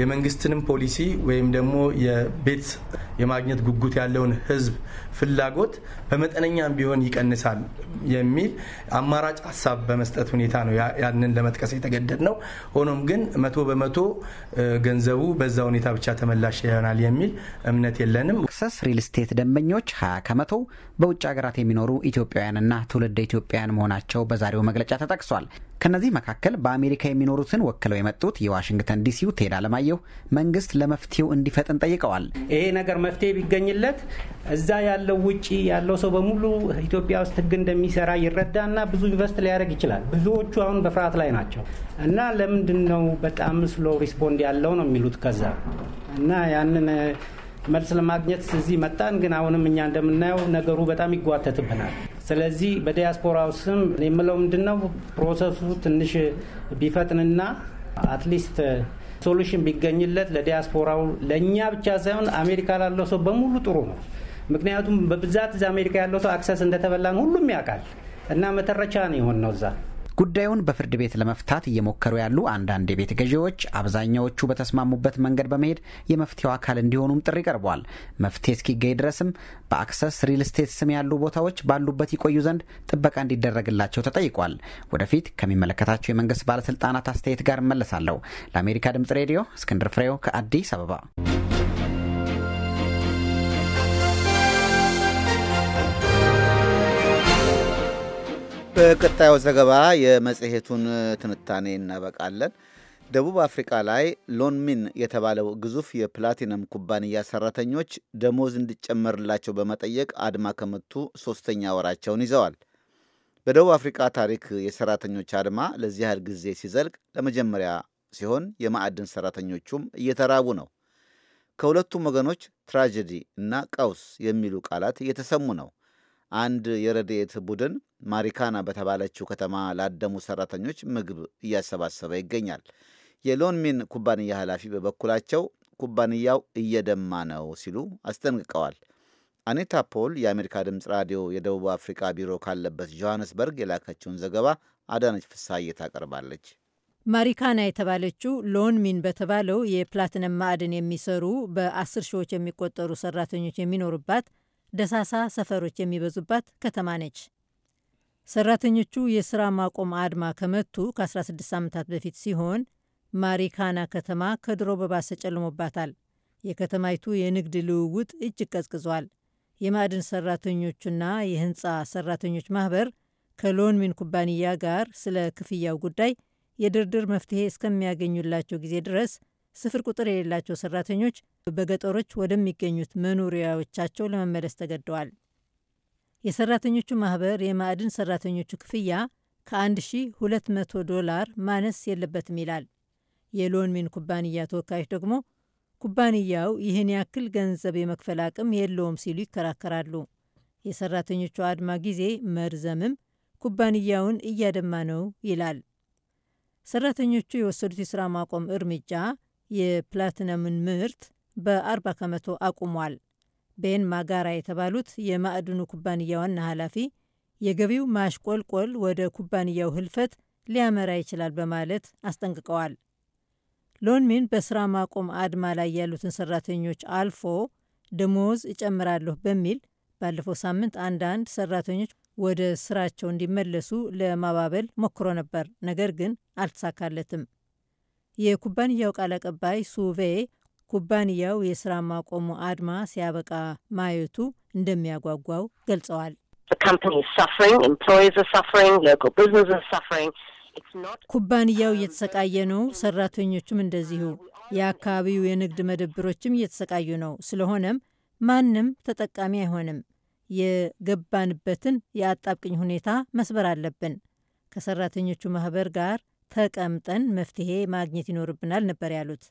የመንግስትንም ፖሊሲ ወይም ደግሞ የቤት የማግኘት ጉጉት ያለውን ህዝብ ፍላጎት በመጠነኛም ቢሆን ይቀንሳል የሚል አማራጭ ሀሳብ በመስጠት ሁኔታ ነው ያንን ለመጥቀስ የተገደድ ነው። ሆኖም ግን መቶ በመቶ ገንዘቡ በዛ ሁኔታ ብቻ ተመላሽ ይሆናል የሚል እምነት የለንም። ክሰስ ሪል ስቴት ደንበኞች 20 ከመቶ በውጭ ሀገራት የሚኖሩ ኢትዮጵያውያንና ትውልድ ኢትዮጵያውያን መሆናቸው በዛሬው መግለጫ ተጠቅሷል። ከእነዚህ መካከል በአሜሪካ የሚኖሩትን ወክለው የመጡት የዋሽንግተን ዲሲው ቴድ አለማየሁ መንግስት ለመፍትሄው እንዲፈጥን ጠይቀዋል። ይሄ ነገር መፍትሄ ቢገኝለት እዛ ያለው ውጪ ያለው ሰው በሙሉ ኢትዮጵያ ውስጥ ህግ እንደሚሰራ ይረዳና ብዙ ኢንቨስት ሊያደርግ ይችላል። ብዙዎቹ አሁን በፍርሃት ላይ ናቸው እና ለምንድን ነው በጣም ስሎ ሪስፖንድ ያለው ነው የሚሉት ከዛ እና ያንን መልስ ለማግኘት እዚህ መጣን። ግን አሁንም እኛ እንደምናየው ነገሩ በጣም ይጓተትብናል። ስለዚህ በዲያስፖራው ስም የምለው ምንድነው ፕሮሰሱ ትንሽ ቢፈጥንና አትሊስት ሶሉሽን ቢገኝለት ለዲያስፖራው ለእኛ ብቻ ሳይሆን አሜሪካ ላለው ሰው በሙሉ ጥሩ ነው። ምክንያቱም በብዛት እዚ አሜሪካ ያለው ሰው አክሰስ እንደተበላን ሁሉም ያውቃል እና መተረቻ ነው የሆን ነው እዛ ጉዳዩን በፍርድ ቤት ለመፍታት እየሞከሩ ያሉ አንዳንድ የቤት ገዢዎች አብዛኛዎቹ በተስማሙበት መንገድ በመሄድ የመፍትሄው አካል እንዲሆኑም ጥሪ ቀርቧል። መፍትሄ እስኪገኝ ድረስም በአክሰስ ሪል ስቴት ስም ያሉ ቦታዎች ባሉበት ይቆዩ ዘንድ ጥበቃ እንዲደረግላቸው ተጠይቋል። ወደፊት ከሚመለከታቸው የመንግስት ባለስልጣናት አስተያየት ጋር እመለሳለሁ። ለአሜሪካ ድምጽ ሬዲዮ እስክንድር ፍሬው ከአዲስ አበባ በቀጣዩ ዘገባ የመጽሔቱን ትንታኔ እናበቃለን። ደቡብ አፍሪካ ላይ ሎንሚን የተባለው ግዙፍ የፕላቲነም ኩባንያ ሰራተኞች ደሞዝ እንዲጨመርላቸው በመጠየቅ አድማ ከመቱ ሶስተኛ ወራቸውን ይዘዋል። በደቡብ አፍሪካ ታሪክ የሰራተኞች አድማ ለዚህ ያህል ጊዜ ሲዘልቅ ለመጀመሪያ ሲሆን የማዕድን ሰራተኞቹም እየተራቡ ነው። ከሁለቱም ወገኖች ትራጀዲ እና ቀውስ የሚሉ ቃላት እየተሰሙ ነው። አንድ የረድኤት ቡድን ማሪካና በተባለችው ከተማ ላደሙ ሰራተኞች ምግብ እያሰባሰበ ይገኛል። የሎንሚን ኩባንያ ኃላፊ በበኩላቸው ኩባንያው እየደማ ነው ሲሉ አስጠንቅቀዋል። አኒታ ፖል የአሜሪካ ድምፅ ራዲዮ የደቡብ አፍሪካ ቢሮ ካለበት ጆሐንስበርግ የላከችውን ዘገባ አዳነች ፍሳዬ ታቀርባለች። ማሪካና የተባለችው ሎንሚን በተባለው የፕላትነም ማዕድን የሚሰሩ በአስር ሺዎች የሚቆጠሩ ሰራተኞች የሚኖሩባት ደሳሳ ሰፈሮች የሚበዙባት ከተማ ነች። ሰራተኞቹ የሥራ ማቆም አድማ ከመቱ ከ16 ዓመታት በፊት ሲሆን ማሪካና ከተማ ከድሮ በባሰ ጨልሞባታል። የከተማይቱ የንግድ ልውውጥ እጅግ ቀዝቅዟል። የማዕድን ሰራተኞቹና የህንፃ ሰራተኞች ማህበር ከሎንሚን ኩባንያ ጋር ስለ ክፍያው ጉዳይ የድርድር መፍትሄ እስከሚያገኙላቸው ጊዜ ድረስ ስፍር ቁጥር የሌላቸው ሰራተኞች በገጠሮች ወደሚገኙት መኖሪያዎቻቸው ለመመለስ ተገደዋል። የሰራተኞቹ ማህበር የማዕድን ሰራተኞቹ ክፍያ ከ1200 ዶላር ማነስ የለበትም ይላል። የሎንሚን ኩባንያ ተወካዮች ደግሞ ኩባንያው ይህን ያክል ገንዘብ የመክፈል አቅም የለውም ሲሉ ይከራከራሉ። የሰራተኞቹ አድማ ጊዜ መርዘምም ኩባንያውን እያደማ ነው ይላል። ሰራተኞቹ የወሰዱት የሥራ ማቆም እርምጃ የፕላቲነምን ምርት በ40 ከመቶ አቁሟል። ቤን ማጋራ የተባሉት የማዕድኑ ኩባንያ ዋና ኃላፊ የገቢው ማሽቆልቆል ወደ ኩባንያው ህልፈት ሊያመራ ይችላል በማለት አስጠንቅቀዋል። ሎንሚን በስራ ማቆም አድማ ላይ ያሉትን ሰራተኞች አልፎ ደሞዝ እጨምራለሁ በሚል ባለፈው ሳምንት አንዳንድ ሰራተኞች ወደ ስራቸው እንዲመለሱ ለማባበል ሞክሮ ነበር፣ ነገር ግን አልተሳካለትም። የኩባንያው ቃል አቀባይ ሱቬ ኩባንያው የስራ ማቆሙ አድማ ሲያበቃ ማየቱ እንደሚያጓጓው ገልጸዋል። ኩባንያው እየተሰቃየ ነው፣ ሰራተኞቹም እንደዚሁ። የአካባቢው የንግድ መደብሮችም እየተሰቃዩ ነው። ስለሆነም ማንም ተጠቃሚ አይሆንም። የገባንበትን የአጣብቅኝ ሁኔታ መስበር አለብን። ከሰራተኞቹ ማህበር ጋር ተቀምጠን መፍትሄ ማግኘት ይኖርብናል ነበር ያሉት።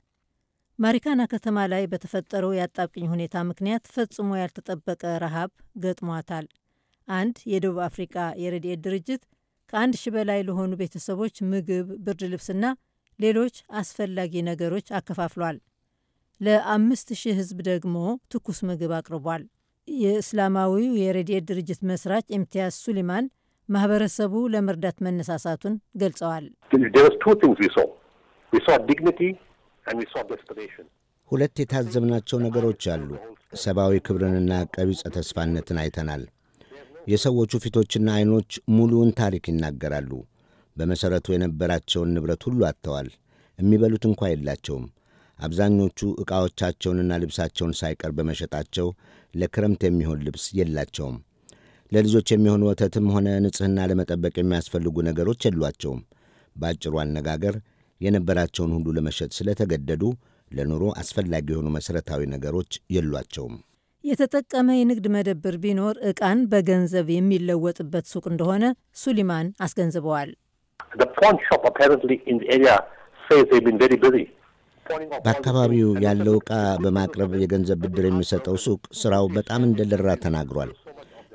ማሪካና ከተማ ላይ በተፈጠረው የአጣብቅኝ ሁኔታ ምክንያት ፈጽሞ ያልተጠበቀ ረሃብ ገጥሟታል። አንድ የደቡብ አፍሪቃ የረድኤት ድርጅት ከአንድ ሺ በላይ ለሆኑ ቤተሰቦች ምግብ፣ ብርድ ልብስና ሌሎች አስፈላጊ ነገሮች አከፋፍሏል። ለአምስት ሺህ ህዝብ ደግሞ ትኩስ ምግብ አቅርቧል። የእስላማዊው የረድኤት ድርጅት መስራች ኤምቲያስ ሱሊማን ማህበረሰቡ ለመርዳት መነሳሳቱን ገልጸዋል። ሁለት የታዘብናቸው ነገሮች አሉ። ሰብአዊ ክብርንና ቀቢጸ ተስፋነትን አይተናል። የሰዎቹ ፊቶችና ዐይኖች ሙሉውን ታሪክ ይናገራሉ። በመሠረቱ የነበራቸውን ንብረት ሁሉ አጥተዋል። የሚበሉት እንኳ የላቸውም። አብዛኞቹ ዕቃዎቻቸውንና ልብሳቸውን ሳይቀር በመሸጣቸው ለክረምት የሚሆን ልብስ የላቸውም። ለልጆች የሚሆን ወተትም ሆነ ንጽሕና ለመጠበቅ የሚያስፈልጉ ነገሮች የሏቸውም። በአጭሩ አነጋገር የነበራቸውን ሁሉ ለመሸጥ ስለተገደዱ ለኑሮ አስፈላጊ የሆኑ መሠረታዊ ነገሮች የሏቸውም። የተጠቀመ የንግድ መደብር ቢኖር ዕቃን በገንዘብ የሚለወጥበት ሱቅ እንደሆነ ሱሊማን አስገንዝበዋል። በአካባቢው ያለው ዕቃ በማቅረብ የገንዘብ ብድር የሚሰጠው ሱቅ ሥራው በጣም እንደደራ ተናግሯል።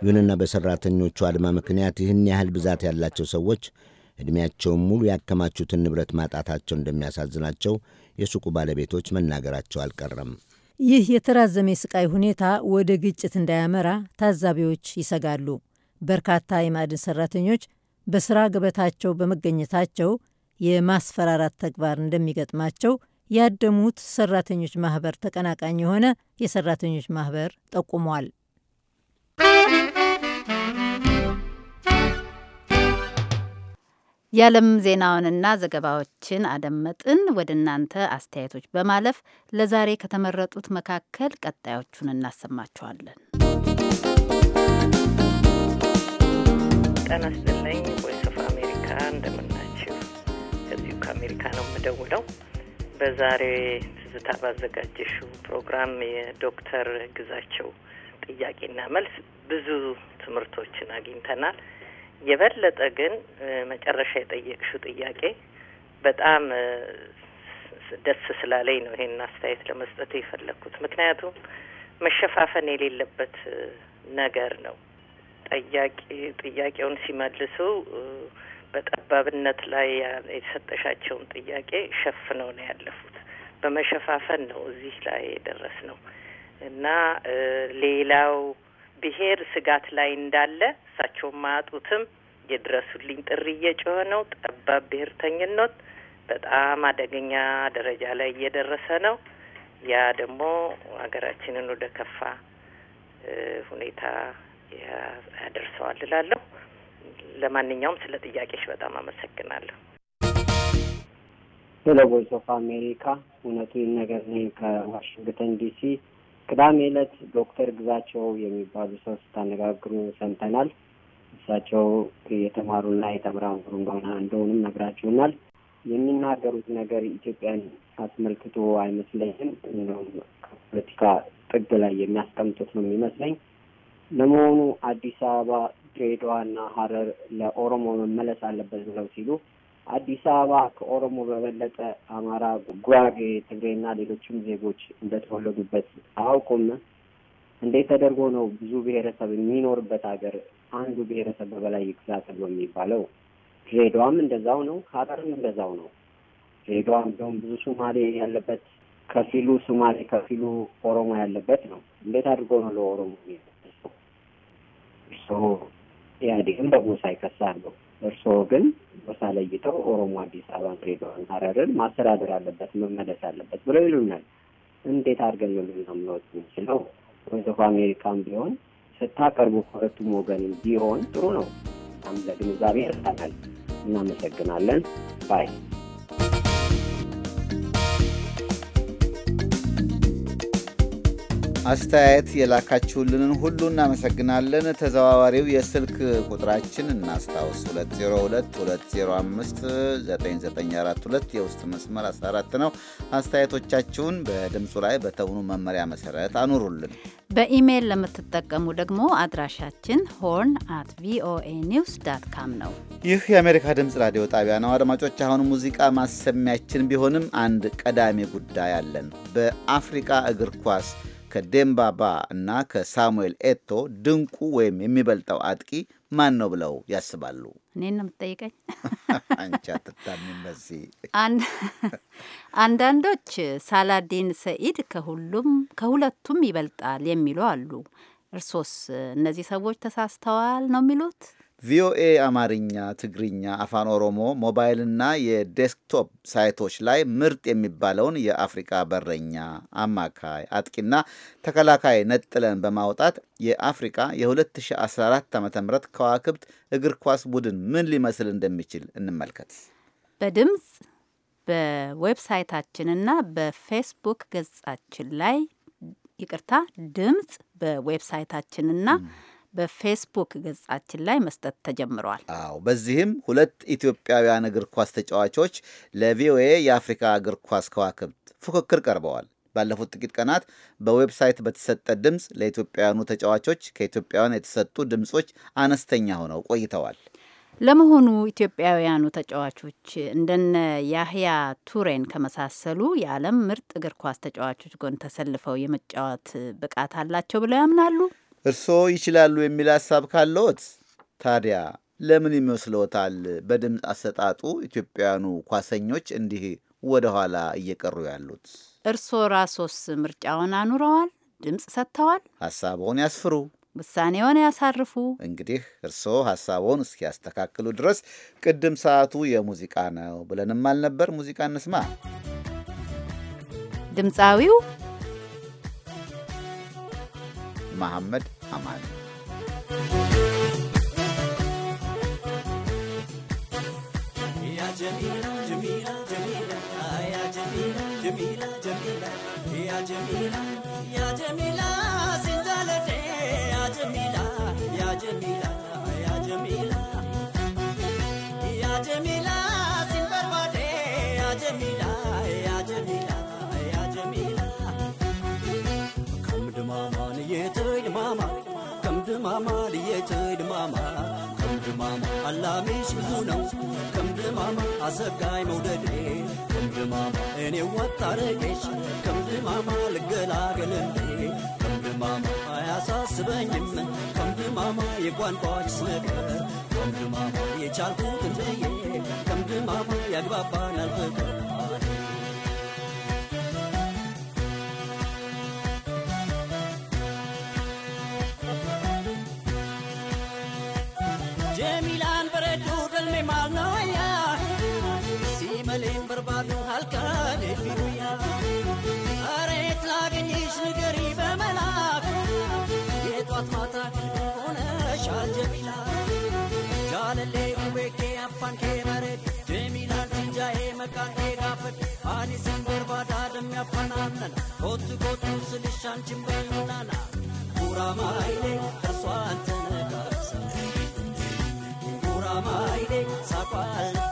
ይሁንና በሠራተኞቹ አድማ ምክንያት ይህን ያህል ብዛት ያላቸው ሰዎች ዕድሜያቸውን ሙሉ ያከማቹትን ንብረት ማጣታቸው እንደሚያሳዝናቸው የሱቁ ባለቤቶች መናገራቸው አልቀረም። ይህ የተራዘመ የስቃይ ሁኔታ ወደ ግጭት እንዳያመራ ታዛቢዎች ይሰጋሉ። በርካታ የማዕድን ሰራተኞች በሥራ ገበታቸው በመገኘታቸው የማስፈራራት ተግባር እንደሚገጥማቸው ያደሙት ሰራተኞች ማኅበር ተቀናቃኝ የሆነ የሰራተኞች ማኅበር ጠቁሟል። የዓለም ዜናውንና ዘገባዎችን አደመጥን። ወደ እናንተ አስተያየቶች በማለፍ ለዛሬ ከተመረጡት መካከል ቀጣዮቹን እናሰማችኋለን። ጤና ይስጥልኝ። ቮይስ ኦፍ አሜሪካ እንደምናችሁ። ከአሜሪካ ነው የምደውለው። በዛሬ ትዝታ ባዘጋጀሽው ፕሮግራም የዶክተር ግዛቸው ጥያቄና መልስ ብዙ ትምህርቶችን አግኝተናል። የበለጠ ግን መጨረሻ የጠየቅሽው ጥያቄ በጣም ደስ ስላለኝ ነው ይሄን አስተያየት ለመስጠት የፈለግኩት። ምክንያቱም መሸፋፈን የሌለበት ነገር ነው። ጠያቂ ጥያቄውን ሲመልሱ በጠባብነት ላይ የተሰጠሻቸውን ጥያቄ ሸፍነው ነው ያለፉት። በመሸፋፈን ነው እዚህ ላይ የደረስ ነው እና ሌላው ብሔር ስጋት ላይ እንዳለ እሳቸውም አያጡትም። የድረሱልኝ ጥሪ እየጮኸ ነው። ጠባብ ብሔርተኝነት በጣም አደገኛ ደረጃ ላይ እየደረሰ ነው። ያ ደግሞ ሀገራችንን ወደ ከፋ ሁኔታ ያደርሰዋል እላለሁ። ለማንኛውም ስለ ጥያቄሽ በጣም አመሰግናለሁ። ስለ ቮይስ ኦፍ አሜሪካ እውነቱ ይነገር ነኝ ከዋሽንግተን ዲሲ ቅዳሜ ዕለት ዶክተር ግዛቸው የሚባሉ ሰው ስታነጋግሩ ሰምተናል። እሳቸው የተማሩና የተመራመሩ እንደሆነ እንደሆኑም ነግራችሁናል። የሚናገሩት ነገር ኢትዮጵያን አስመልክቶ አይመስለኝም። እንደውም ከፖለቲካ ጥግ ላይ የሚያስቀምጡት ነው የሚመስለኝ። ለመሆኑ አዲስ አበባ፣ ድሬዳዋና ሀረር ለኦሮሞ መመለስ አለበት ብለው ሲሉ አዲስ አበባ ከኦሮሞ በበለጠ አማራ፣ ጉራጌ፣ ትግሬና ሌሎችም ዜጎች እንደተወለዱበት አያውቁም። እንዴት ተደርጎ ነው ብዙ ብሔረሰብ የሚኖርበት ሀገር አንዱ ብሔረሰብ በበላይ ይግዛ ተብሎ የሚባለው? ድሬዳዋም እንደዛው ነው። ሀረርም እንደዛው ነው። ድሬዳዋ እንደውም ብዙ ሱማሌ ያለበት ከፊሉ ሱማሌ ከፊሉ ኦሮሞ ያለበት ነው። እንዴት አድርጎ ነው ለኦሮሞ እርስ ኢህአዴግም ደግሞ ሳይከሳ እርስዎ ግን ቦታ ለይተው ኦሮሞ አዲስ አበባ ድሬዳዋን ሀረርን ማስተዳደር አለበት መመለስ አለበት ብለው ይሉናል። እንዴት አድርገን ነው ልናምነት የምንችለው? ወይዘሁ አሜሪካም ቢሆን ስታቀርቡ ከሁለቱም ወገን ቢሆን ጥሩ ነው። በጣም ለግንዛቤ እርታናል። እናመሰግናለን ባይ አስተያየት የላካችሁልንን ሁሉ እናመሰግናለን። ተዘዋዋሪው የስልክ ቁጥራችን እናስታውስ 2022059942 የውስጥ መስመር 14 ነው። አስተያየቶቻችሁን በድምፁ ላይ በተውኑ መመሪያ መሰረት አኑሩልን። በኢሜይል ለምትጠቀሙ ደግሞ አድራሻችን ሆርን አት ቪኦኤ ኒውስ ዳት ካም ነው። ይህ የአሜሪካ ድምፅ ራዲዮ ጣቢያ ነው። አድማጮች፣ አሁን ሙዚቃ ማሰሚያችን ቢሆንም አንድ ቀዳሚ ጉዳይ አለን። በአፍሪቃ እግር ኳስ ከዴምባባ እና ከሳሙኤል ኤቶ ድንቁ ወይም የሚበልጠው አጥቂ ማን ነው ብለው ያስባሉ? እኔን ነው የምትጠይቀኝ? አንቺ አትታሚም በዚህ። አንዳንዶች ሳላዲን ሰኢድ ከሁሉም ከሁለቱም ይበልጣል የሚሉ አሉ። እርሶስ እነዚህ ሰዎች ተሳስተዋል ነው የሚሉት? ቪኦኤ አማርኛ፣ ትግርኛ፣ አፋን ኦሮሞ ሞባይልና የዴስክቶፕ ሳይቶች ላይ ምርጥ የሚባለውን የአፍሪቃ በረኛ፣ አማካይ፣ አጥቂና ተከላካይ ነጥለን በማውጣት የአፍሪቃ የ2014 ዓ ም ከዋክብት እግር ኳስ ቡድን ምን ሊመስል እንደሚችል እንመልከት። በድምፅ በዌብሳይታችንና በፌስቡክ ገጻችን ላይ ይቅርታ፣ ድምፅ በዌብሳይታችንና በፌስቡክ ገጻችን ላይ መስጠት ተጀምሯል። አዎ በዚህም ሁለት ኢትዮጵያውያን እግር ኳስ ተጫዋቾች ለቪኦኤ የአፍሪካ እግር ኳስ ከዋክብት ፉክክር ቀርበዋል። ባለፉት ጥቂት ቀናት በዌብሳይት በተሰጠ ድምፅ ለኢትዮጵያውያኑ ተጫዋቾች ከኢትዮጵያውያን የተሰጡ ድምፆች አነስተኛ ሆነው ቆይተዋል። ለመሆኑ ኢትዮጵያውያኑ ተጫዋቾች እንደነ ያህያ ቱሬን ከመሳሰሉ የዓለም ምርጥ እግር ኳስ ተጫዋቾች ጎን ተሰልፈው የመጫወት ብቃት አላቸው ብለው ያምናሉ? እርስዎ ይችላሉ የሚል ሀሳብ ካለዎት ታዲያ ለምን ይመስልዎታል በድምፅ አሰጣጡ ኢትዮጵያውያኑ ኳሰኞች እንዲህ ወደ ኋላ እየቀሩ ያሉት? እርስዎ ራሶስ ምርጫውን አኑረዋል? ድምፅ ሰጥተዋል? ሀሳብዎን ያስፍሩ፣ ውሳኔውን ያሳርፉ። እንግዲህ እርስዎ ሀሳብዎን እስኪያስተካክሉ ድረስ ቅድም ሰዓቱ የሙዚቃ ነው ብለንም አልነበር? ሙዚቃ እንስማ። ድምፃዊው መሐመድ amado. ከምድማማ ልየት ድማማ ከምድማማ አላሜሽ ብዙ ነው ከምድማማ አሰጋይ መውደዴ ከምድማማ እኔ ወጣረቄሽ ከምድማማ ልገላገልልዴ ከምድማማ አያሳስበኝም ከምድማማ የቋንቋች ነገር ከምድማማ የቻልኩትን ብዬ ከምድማማ ያግባባናል ፍቅር kee bareede deemiidhaan finjaa'ee maqaan kee gaafadhe ani sin barbaada dammi afaan aannan kootti koottuun silishaan chimbee yuunaana buuramaayilee taswaan tanagaasa buuramaayilee saaphaalee.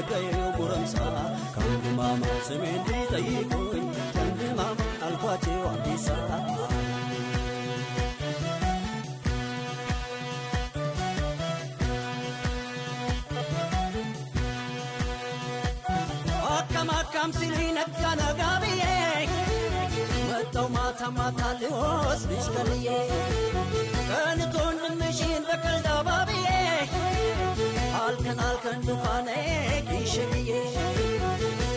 eegalee gurraamsaa ka'uun maama semeendii ta'ee kooyi jaalli maama albaatee waambisaa. Akkam akkam sirriin akka nagaa biyyee mattoo maata maataalee hoos kan toon dhimma isheen bakka laaba. alkan alkan dukhane kishliye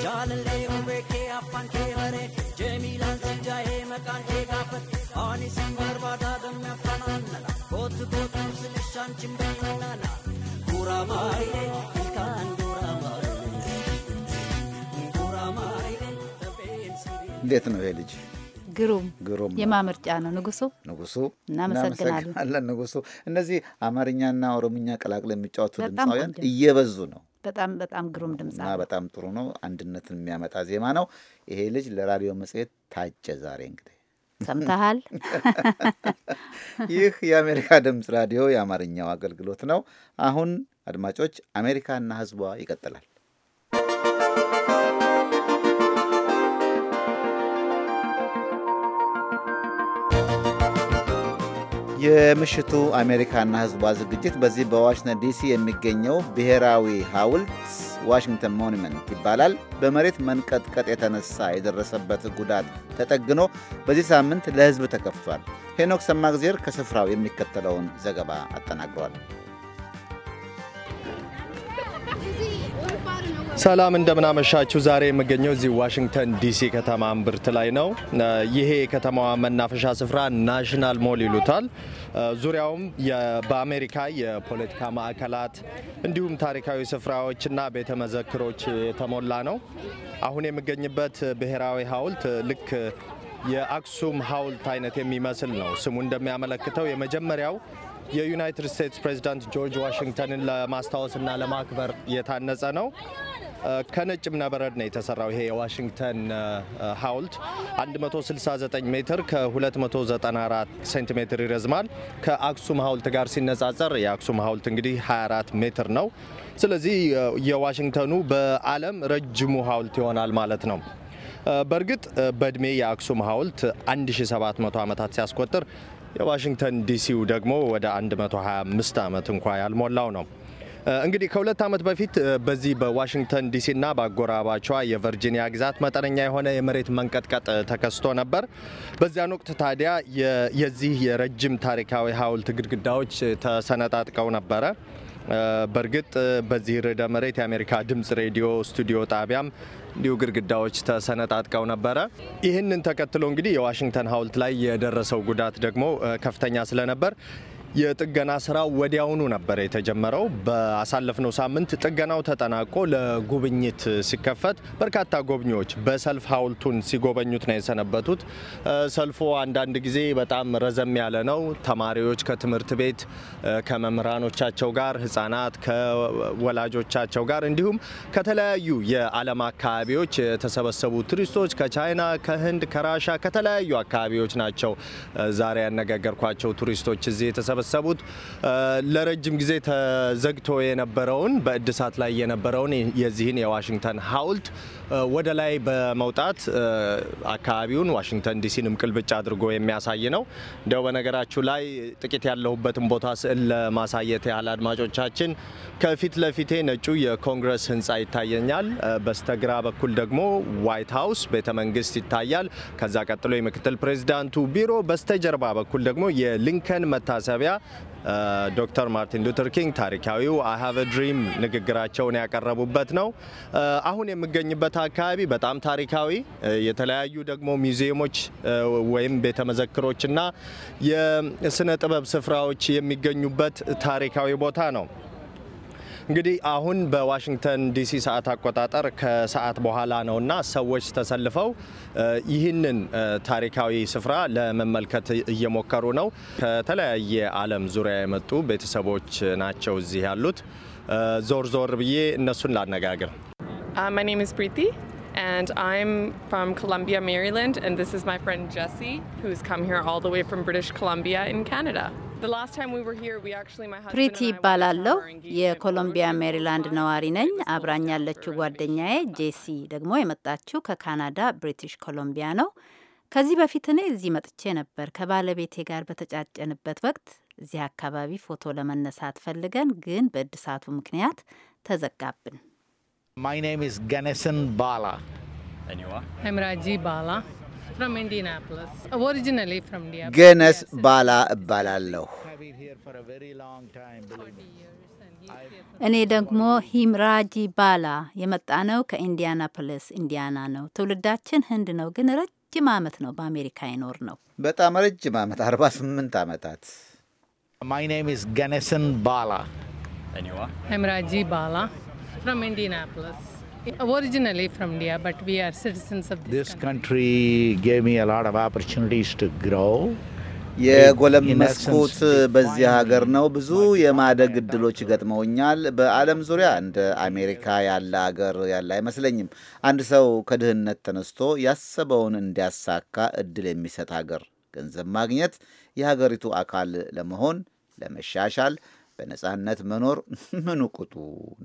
jalan le hove ke afan ke hare jemilan se jaye makan ke gafat ani sin barbada me fanan kot kot silishan chimbe nana pura maile kan dura maile pura maile the pain ግሩም ግሩም የማምርጫ ነው ንጉሱ ንጉሱ እናመሰግናለን ንጉሱ። እነዚህ አማርኛና ኦሮምኛ ቀላቅለ የሚጫወቱ ድምፃውያን እየበዙ ነው። በጣም በጣም ግሩም ድምፅ በጣም ጥሩ ነው። አንድነትን የሚያመጣ ዜማ ነው። ይሄ ልጅ ለራዲዮ መጽሔት ታጨ። ዛሬ እንግዲህ ሰምተሃል። ይህ የአሜሪካ ድምፅ ራዲዮ የአማርኛው አገልግሎት ነው። አሁን አድማጮች፣ አሜሪካና ህዝቧ ይቀጥላል። የምሽቱ አሜሪካና ህዝቧ ዝግጅት በዚህ በዋሽንግተን ዲሲ የሚገኘው ብሔራዊ ሐውልት ዋሽንግተን ሞኒመንት ይባላል። በመሬት መንቀጥቀጥ የተነሳ የደረሰበት ጉዳት ተጠግኖ በዚህ ሳምንት ለህዝብ ተከፍቷል። ሄኖክ ሰማግዜር ከስፍራው የሚከተለውን ዘገባ አጠናግሯል። ሰላም እንደምናመሻችሁ። ዛሬ የምገኘው እዚህ ዋሽንግተን ዲሲ ከተማ እምብርት ላይ ነው። ይሄ የከተማዋ መናፈሻ ስፍራ ናሽናል ሞል ይሉታል። ዙሪያውም በአሜሪካ የፖለቲካ ማዕከላት እንዲሁም ታሪካዊ ስፍራዎችና ቤተ መዘክሮች የተሞላ ነው። አሁን የምገኝበት ብሔራዊ ሐውልት ልክ የአክሱም ሐውልት አይነት የሚመስል ነው። ስሙ እንደሚያመለክተው የመጀመሪያው የዩናይትድ ስቴትስ ፕሬዚዳንት ጆርጅ ዋሽንግተንን ለማስታወስና ለማክበር የታነጸ ነው። ከነጭ እብነበረድ ነው የተሰራው። ይሄ የዋሽንግተን ሐውልት 169 ሜትር ከ294 ሴንቲሜትር ይረዝማል። ከአክሱም ሐውልት ጋር ሲነጻጸር የአክሱም ሐውልት እንግዲህ 24 ሜትር ነው። ስለዚህ የዋሽንግተኑ በዓለም ረጅሙ ሐውልት ይሆናል ማለት ነው። በእርግጥ በእድሜ የአክሱም ሐውልት 1700 ዓመታት ሲያስቆጥር የዋሽንግተን ዲሲው ደግሞ ወደ 125 ዓመት እንኳ ያልሞላው ነው። እንግዲህ ከሁለት ዓመት በፊት በዚህ በዋሽንግተን እና በአጎራባቿ የቨርጂኒያ ግዛት መጠነኛ የሆነ የመሬት መንቀጥቀጥ ተከስቶ ነበር። በዚያን ወቅት ታዲያ የዚህ የረጅም ታሪካዊ ሐውልት ግድግዳዎች ተሰነጣጥቀው ነበረ። በእርግጥ በዚህ ርዕደ መሬት የአሜሪካ ድምፅ ሬዲዮ ስቱዲዮ ጣቢያም እንዲሁ ግድግዳዎች ተሰነጣጥቀው ነበረ። ይህንን ተከትሎ እንግዲህ የዋሽንግተን ሐውልት ላይ የደረሰው ጉዳት ደግሞ ከፍተኛ ስለነበር የጥገና ስራ ወዲያውኑ ነበር የተጀመረው። በአሳለፍነው ሳምንት ጥገናው ተጠናቆ ለጉብኝት ሲከፈት በርካታ ጎብኚዎች በሰልፍ ሐውልቱን ሲጎበኙት ነው የሰነበቱት። ሰልፉ አንዳንድ ጊዜ በጣም ረዘም ያለ ነው። ተማሪዎች ከትምህርት ቤት ከመምህራኖቻቸው ጋር፣ ህጻናት ከወላጆቻቸው ጋር እንዲሁም ከተለያዩ የዓለም አካባቢዎች የተሰበሰቡ ቱሪስቶች ከቻይና፣ ከህንድ፣ ከራሻ ከተለያዩ አካባቢዎች ናቸው ዛሬ ያነጋገርኳቸው ቱሪስቶች እዚህ የተሰበ የተሰበሰቡት። ለረጅም ጊዜ ተዘግቶ የነበረውን በእድሳት ላይ የነበረውን የዚህን የዋሽንግተን ሐውልት ወደ ላይ በመውጣት አካባቢውን ዋሽንግተን ዲሲንም ቅልብጭ አድርጎ የሚያሳይ ነው። እንዲያው በነገራችሁ ላይ ጥቂት ያለሁበትን ቦታ ስዕል ለማሳየት ያህል አድማጮቻችን፣ ከፊት ለፊቴ ነጩ የኮንግረስ ህንፃ ይታየኛል። በስተግራ በኩል ደግሞ ዋይት ሀውስ ቤተ መንግስት ይታያል። ከዛ ቀጥሎ የምክትል ፕሬዚዳንቱ ቢሮ፣ በስተጀርባ በኩል ደግሞ የሊንከን መታሰቢያ ዶክተር ማርቲን ሉተር ኪንግ ታሪካዊው አሃቭ ድሪም ንግግራቸውን ያቀረቡበት ነው። አሁን የምገኝበት አካባቢ በጣም ታሪካዊ የተለያዩ ደግሞ ሚዚየሞች ወይም ቤተ መዘክሮችና የስነ ጥበብ ስፍራዎች የሚገኙበት ታሪካዊ ቦታ ነው። እንግዲህ አሁን በዋሽንግተን ዲሲ ሰዓት አቆጣጠር ከሰዓት በኋላ ነው እና ሰዎች ተሰልፈው ይህንን ታሪካዊ ስፍራ ለመመልከት እየሞከሩ ነው። ከተለያየ ዓለም ዙሪያ የመጡ ቤተሰቦች ናቸው እዚህ ያሉት። ዞር ዞር ብዬ እነሱን ላነጋግር። uh, And I'm from Columbia, Maryland, and this is my friend Jesse, who's come here all the way from British Columbia in Canada. ፕሪቲ ይባላለሁ። የኮሎምቢያ ሜሪላንድ ነዋሪ ነኝ። አብራኝ ያለችው ጓደኛዬ ጄሲ ደግሞ የመጣችው ከካናዳ ብሪቲሽ ኮሎምቢያ ነው። ከዚህ በፊት እኔ እዚህ መጥቼ ነበር። ከባለቤቴ ጋር በተጫጨንበት ወቅት እዚህ አካባቢ ፎቶ ለመነሳት ፈልገን፣ ግን በእድሳቱ ምክንያት ተዘጋብን። ማይ ኔም ኢዝ ሄምራጂ ባላ። ገነስ ባላ እባላለሁ። እኔ ደግሞ ሂምራጂ ባላ የመጣ ነው ከኢንዲያናፖሊስ ኢንዲያና ነው። ትውልዳችን ህንድ ነው፣ ግን ረጅም ዓመት ነው በአሜሪካ ይኖር ነው። በጣም ረጅም ዓመት 48 ዓመታት። ማይ ኔም ኢዝ ገነስን ባላ ሂምራጂ ባላ ፍሮም ኢንዲያናፖሊስ Originally from India, but we are citizens of this, this country. country gave me a lot of opportunities to grow. የጎለመስኩት በዚህ ሀገር ነው። ብዙ የማደግ እድሎች ገጥመውኛል። በዓለም ዙሪያ እንደ አሜሪካ ያለ ሀገር ያለ አይመስለኝም። አንድ ሰው ከድህነት ተነስቶ ያሰበውን እንዲያሳካ እድል የሚሰጥ ሀገር፣ ገንዘብ ማግኘት፣ የሀገሪቱ አካል ለመሆን፣ ለመሻሻል፣ በነጻነት መኖር ምኑ ቅጡ?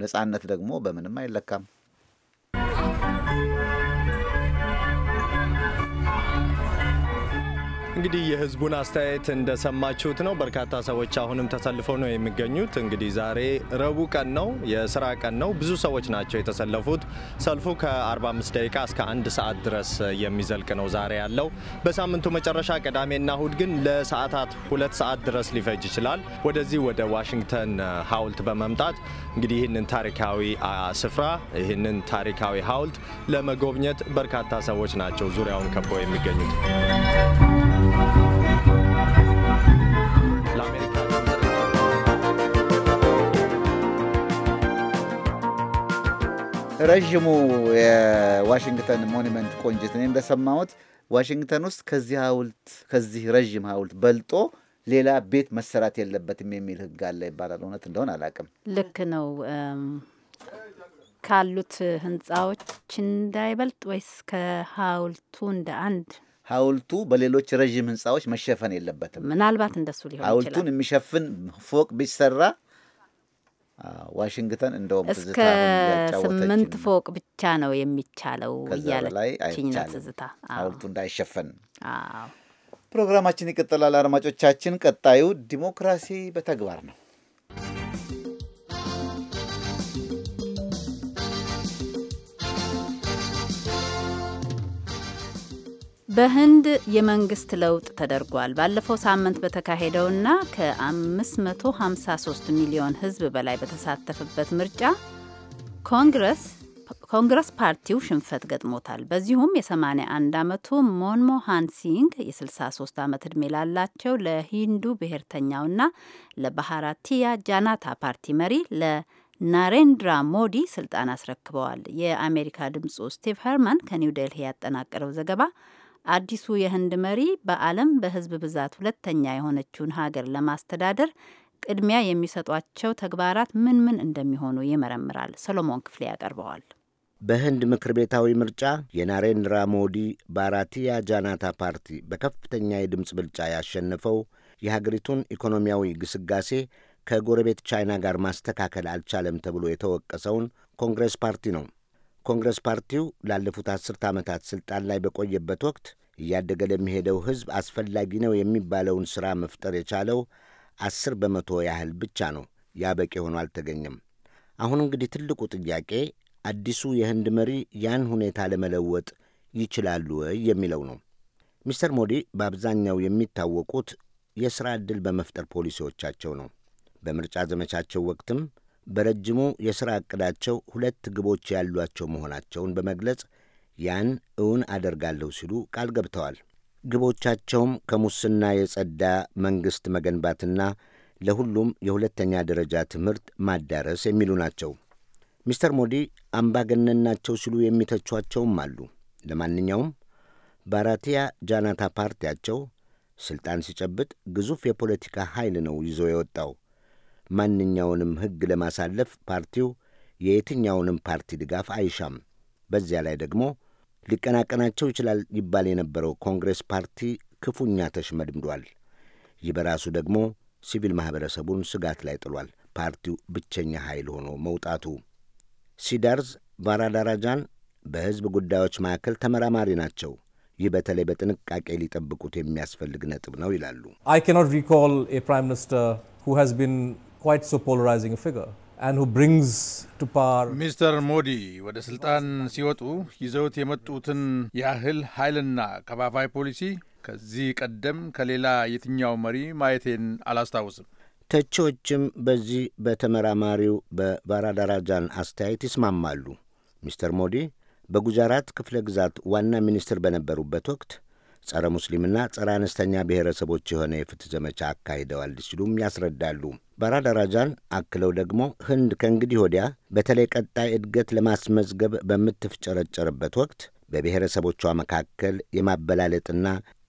ነጻነት ደግሞ በምንም አይለካም። እንግዲህ የህዝቡን አስተያየት እንደሰማችሁት ነው። በርካታ ሰዎች አሁንም ተሰልፈው ነው የሚገኙት። እንግዲህ ዛሬ ረቡዕ ቀን ነው፣ የስራ ቀን ነው። ብዙ ሰዎች ናቸው የተሰለፉት። ሰልፉ ከ45 ደቂቃ እስከ አንድ ሰዓት ድረስ የሚዘልቅ ነው ዛሬ ያለው። በሳምንቱ መጨረሻ ቅዳሜና እሁድ ግን ለሰዓታት ሁለት ሰዓት ድረስ ሊፈጅ ይችላል። ወደዚህ ወደ ዋሽንግተን ሀውልት በመምጣት እንግዲህ ይህንን ታሪካዊ ስፍራ ይህንን ታሪካዊ ሀውልት ለመጎብኘት በርካታ ሰዎች ናቸው ዙሪያውን ከበው የሚገኙት። ረዥሙ የዋሽንግተን ሞኒመንት ቆንጅት፣ እኔ እንደሰማሁት ዋሽንግተን ውስጥ ከዚህ ሐውልት ከዚህ ረዥም ሐውልት በልጦ ሌላ ቤት መሰራት የለበትም የሚል ሕግ አለ ይባላል። እውነት እንደሆነ አላውቅም። ልክ ነው ካሉት ህንጻዎች እንዳይበልጥ ወይስ ከሐውልቱ እንደ አንድ ሐውልቱ በሌሎች ረዥም ህንፃዎች መሸፈን የለበትም። ምናልባት እንደሱ ሊሆን ይችላል። ሐውልቱን የሚሸፍን ፎቅ ቢሰራ ዋሽንግተን እንደውም እስከ ስምንት ፎቅ ብቻ ነው የሚቻለው እያለችኝ ነው ትዝታ ሐውልቱ እንዳይሸፈን። ፕሮግራማችን ይቀጥላል። አድማጮቻችን፣ ቀጣዩ ዲሞክራሲ በተግባር ነው። በህንድ የመንግስት ለውጥ ተደርጓል። ባለፈው ሳምንት በተካሄደውና ከ553 ሚሊዮን ህዝብ በላይ በተሳተፈበት ምርጫ ኮንግረስ ኮንግረስ ፓርቲው ሽንፈት ገጥሞታል። በዚሁም የ81 ዓመቱ ሞንሞሃን ሲንግ የ63 ዓመት ዕድሜ ላላቸው ለሂንዱ ብሔርተኛውና ለባህራቲያ ጃናታ ፓርቲ መሪ ለናሬንድራ ሞዲ ስልጣን አስረክበዋል። የአሜሪካ ድምፁ ስቲቭ ሄርማን ከኒው ዴልሂ ያጠናቀረው ዘገባ አዲሱ የህንድ መሪ በዓለም በህዝብ ብዛት ሁለተኛ የሆነችውን ሀገር ለማስተዳደር ቅድሚያ የሚሰጧቸው ተግባራት ምን ምን እንደሚሆኑ ይመረምራል። ሰሎሞን ክፍሌ ያቀርበዋል። በህንድ ምክር ቤታዊ ምርጫ የናሬንድራ ሞዲ ባራቲያ ጃናታ ፓርቲ በከፍተኛ የድምፅ ብልጫ ያሸነፈው የሀገሪቱን ኢኮኖሚያዊ ግስጋሴ ከጎረቤት ቻይና ጋር ማስተካከል አልቻለም ተብሎ የተወቀሰውን ኮንግረስ ፓርቲ ነው። ኮንግረስ ፓርቲው ላለፉት አስርተ ዓመታት ስልጣን ላይ በቆየበት ወቅት እያደገ ለሚሄደው ሕዝብ አስፈላጊ ነው የሚባለውን ሥራ መፍጠር የቻለው አስር በመቶ ያህል ብቻ ነው። ያ በቂ ሆኖ አልተገኘም። አሁን እንግዲህ ትልቁ ጥያቄ አዲሱ የህንድ መሪ ያን ሁኔታ ለመለወጥ ይችላሉ ወይ የሚለው ነው። ሚስተር ሞዲ በአብዛኛው የሚታወቁት የሥራ ዕድል በመፍጠር ፖሊሲዎቻቸው ነው። በምርጫ ዘመቻቸው ወቅትም በረጅሙ የሥራ ዕቅዳቸው ሁለት ግቦች ያሏቸው መሆናቸውን በመግለጽ ያን እውን አደርጋለሁ ሲሉ ቃል ገብተዋል። ግቦቻቸውም ከሙስና የጸዳ መንግሥት መገንባትና ለሁሉም የሁለተኛ ደረጃ ትምህርት ማዳረስ የሚሉ ናቸው። ሚስተር ሞዲ አምባገነን ናቸው ሲሉ የሚተቿቸውም አሉ። ለማንኛውም ባራቲያ ጃናታ ፓርቲያቸው ስልጣን ሲጨብጥ ግዙፍ የፖለቲካ ኃይል ነው ይዞ የወጣው። ማንኛውንም ሕግ ለማሳለፍ ፓርቲው የየትኛውንም ፓርቲ ድጋፍ አይሻም። በዚያ ላይ ደግሞ ሊቀናቀናቸው ይችላል ይባል የነበረው ኮንግሬስ ፓርቲ ክፉኛ ተሽመድምዷል። ይህ በራሱ ደግሞ ሲቪል ማኅበረሰቡን ስጋት ላይ ጥሏል። ፓርቲው ብቸኛ ኃይል ሆኖ መውጣቱ ሲዳርዝ ቫራዳራጃን በሕዝብ ጉዳዮች ማዕከል ተመራማሪ ናቸው። ይህ በተለይ በጥንቃቄ ሊጠብቁት የሚያስፈልግ ነጥብ ነው ይላሉ። quite so polarizing a figure. ሚስተር ሞዲ ወደ ስልጣን ሲወጡ ይዘውት የመጡትን ያህል ኃይልና ከፋፋይ ፖሊሲ ከዚህ ቀደም ከሌላ የትኛው መሪ ማየቴን አላስታውስም። ተቺዎችም በዚህ በተመራማሪው በባራዳራጃን አስተያየት ይስማማሉ። ሚስተር ሞዲ በጉጃራት ክፍለ ግዛት ዋና ሚኒስትር በነበሩበት ወቅት ጸረ ሙስሊምና ጸረ አነስተኛ ብሔረሰቦች የሆነ የፍትህ ዘመቻ አካሂደዋል ሲሉም ያስረዳሉ። ባራዳራጃን ደረጃን አክለው ደግሞ ህንድ ከእንግዲህ ወዲያ በተለይ ቀጣይ እድገት ለማስመዝገብ በምትፍጨረጨርበት ወቅት በብሔረሰቦቿ መካከል የማበላለጥና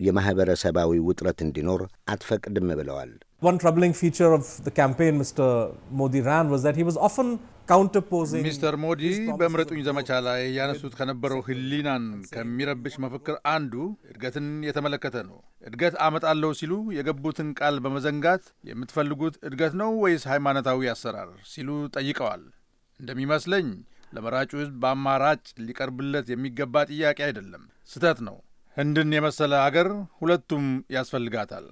የማኅበረሰባዊ ውጥረት እንዲኖር አትፈቅድም ብለዋል። One troubling feature of the campaign Mr. Modi ran was that he was often ሚስተር ሞዲ በምረጡኝ ዘመቻ ላይ ያነሱት ከነበረው ህሊናን ከሚረብሽ መፈክር አንዱ እድገትን የተመለከተ ነው። እድገት አመጣለሁ ሲሉ የገቡትን ቃል በመዘንጋት የምትፈልጉት እድገት ነው ወይስ ሃይማኖታዊ አሰራር ሲሉ ጠይቀዋል። እንደሚመስለኝ ለመራጩ ህዝብ በአማራጭ ሊቀርብለት የሚገባ ጥያቄ አይደለም፣ ስህተት ነው። ህንድን የመሰለ አገር ሁለቱም ያስፈልጋታል።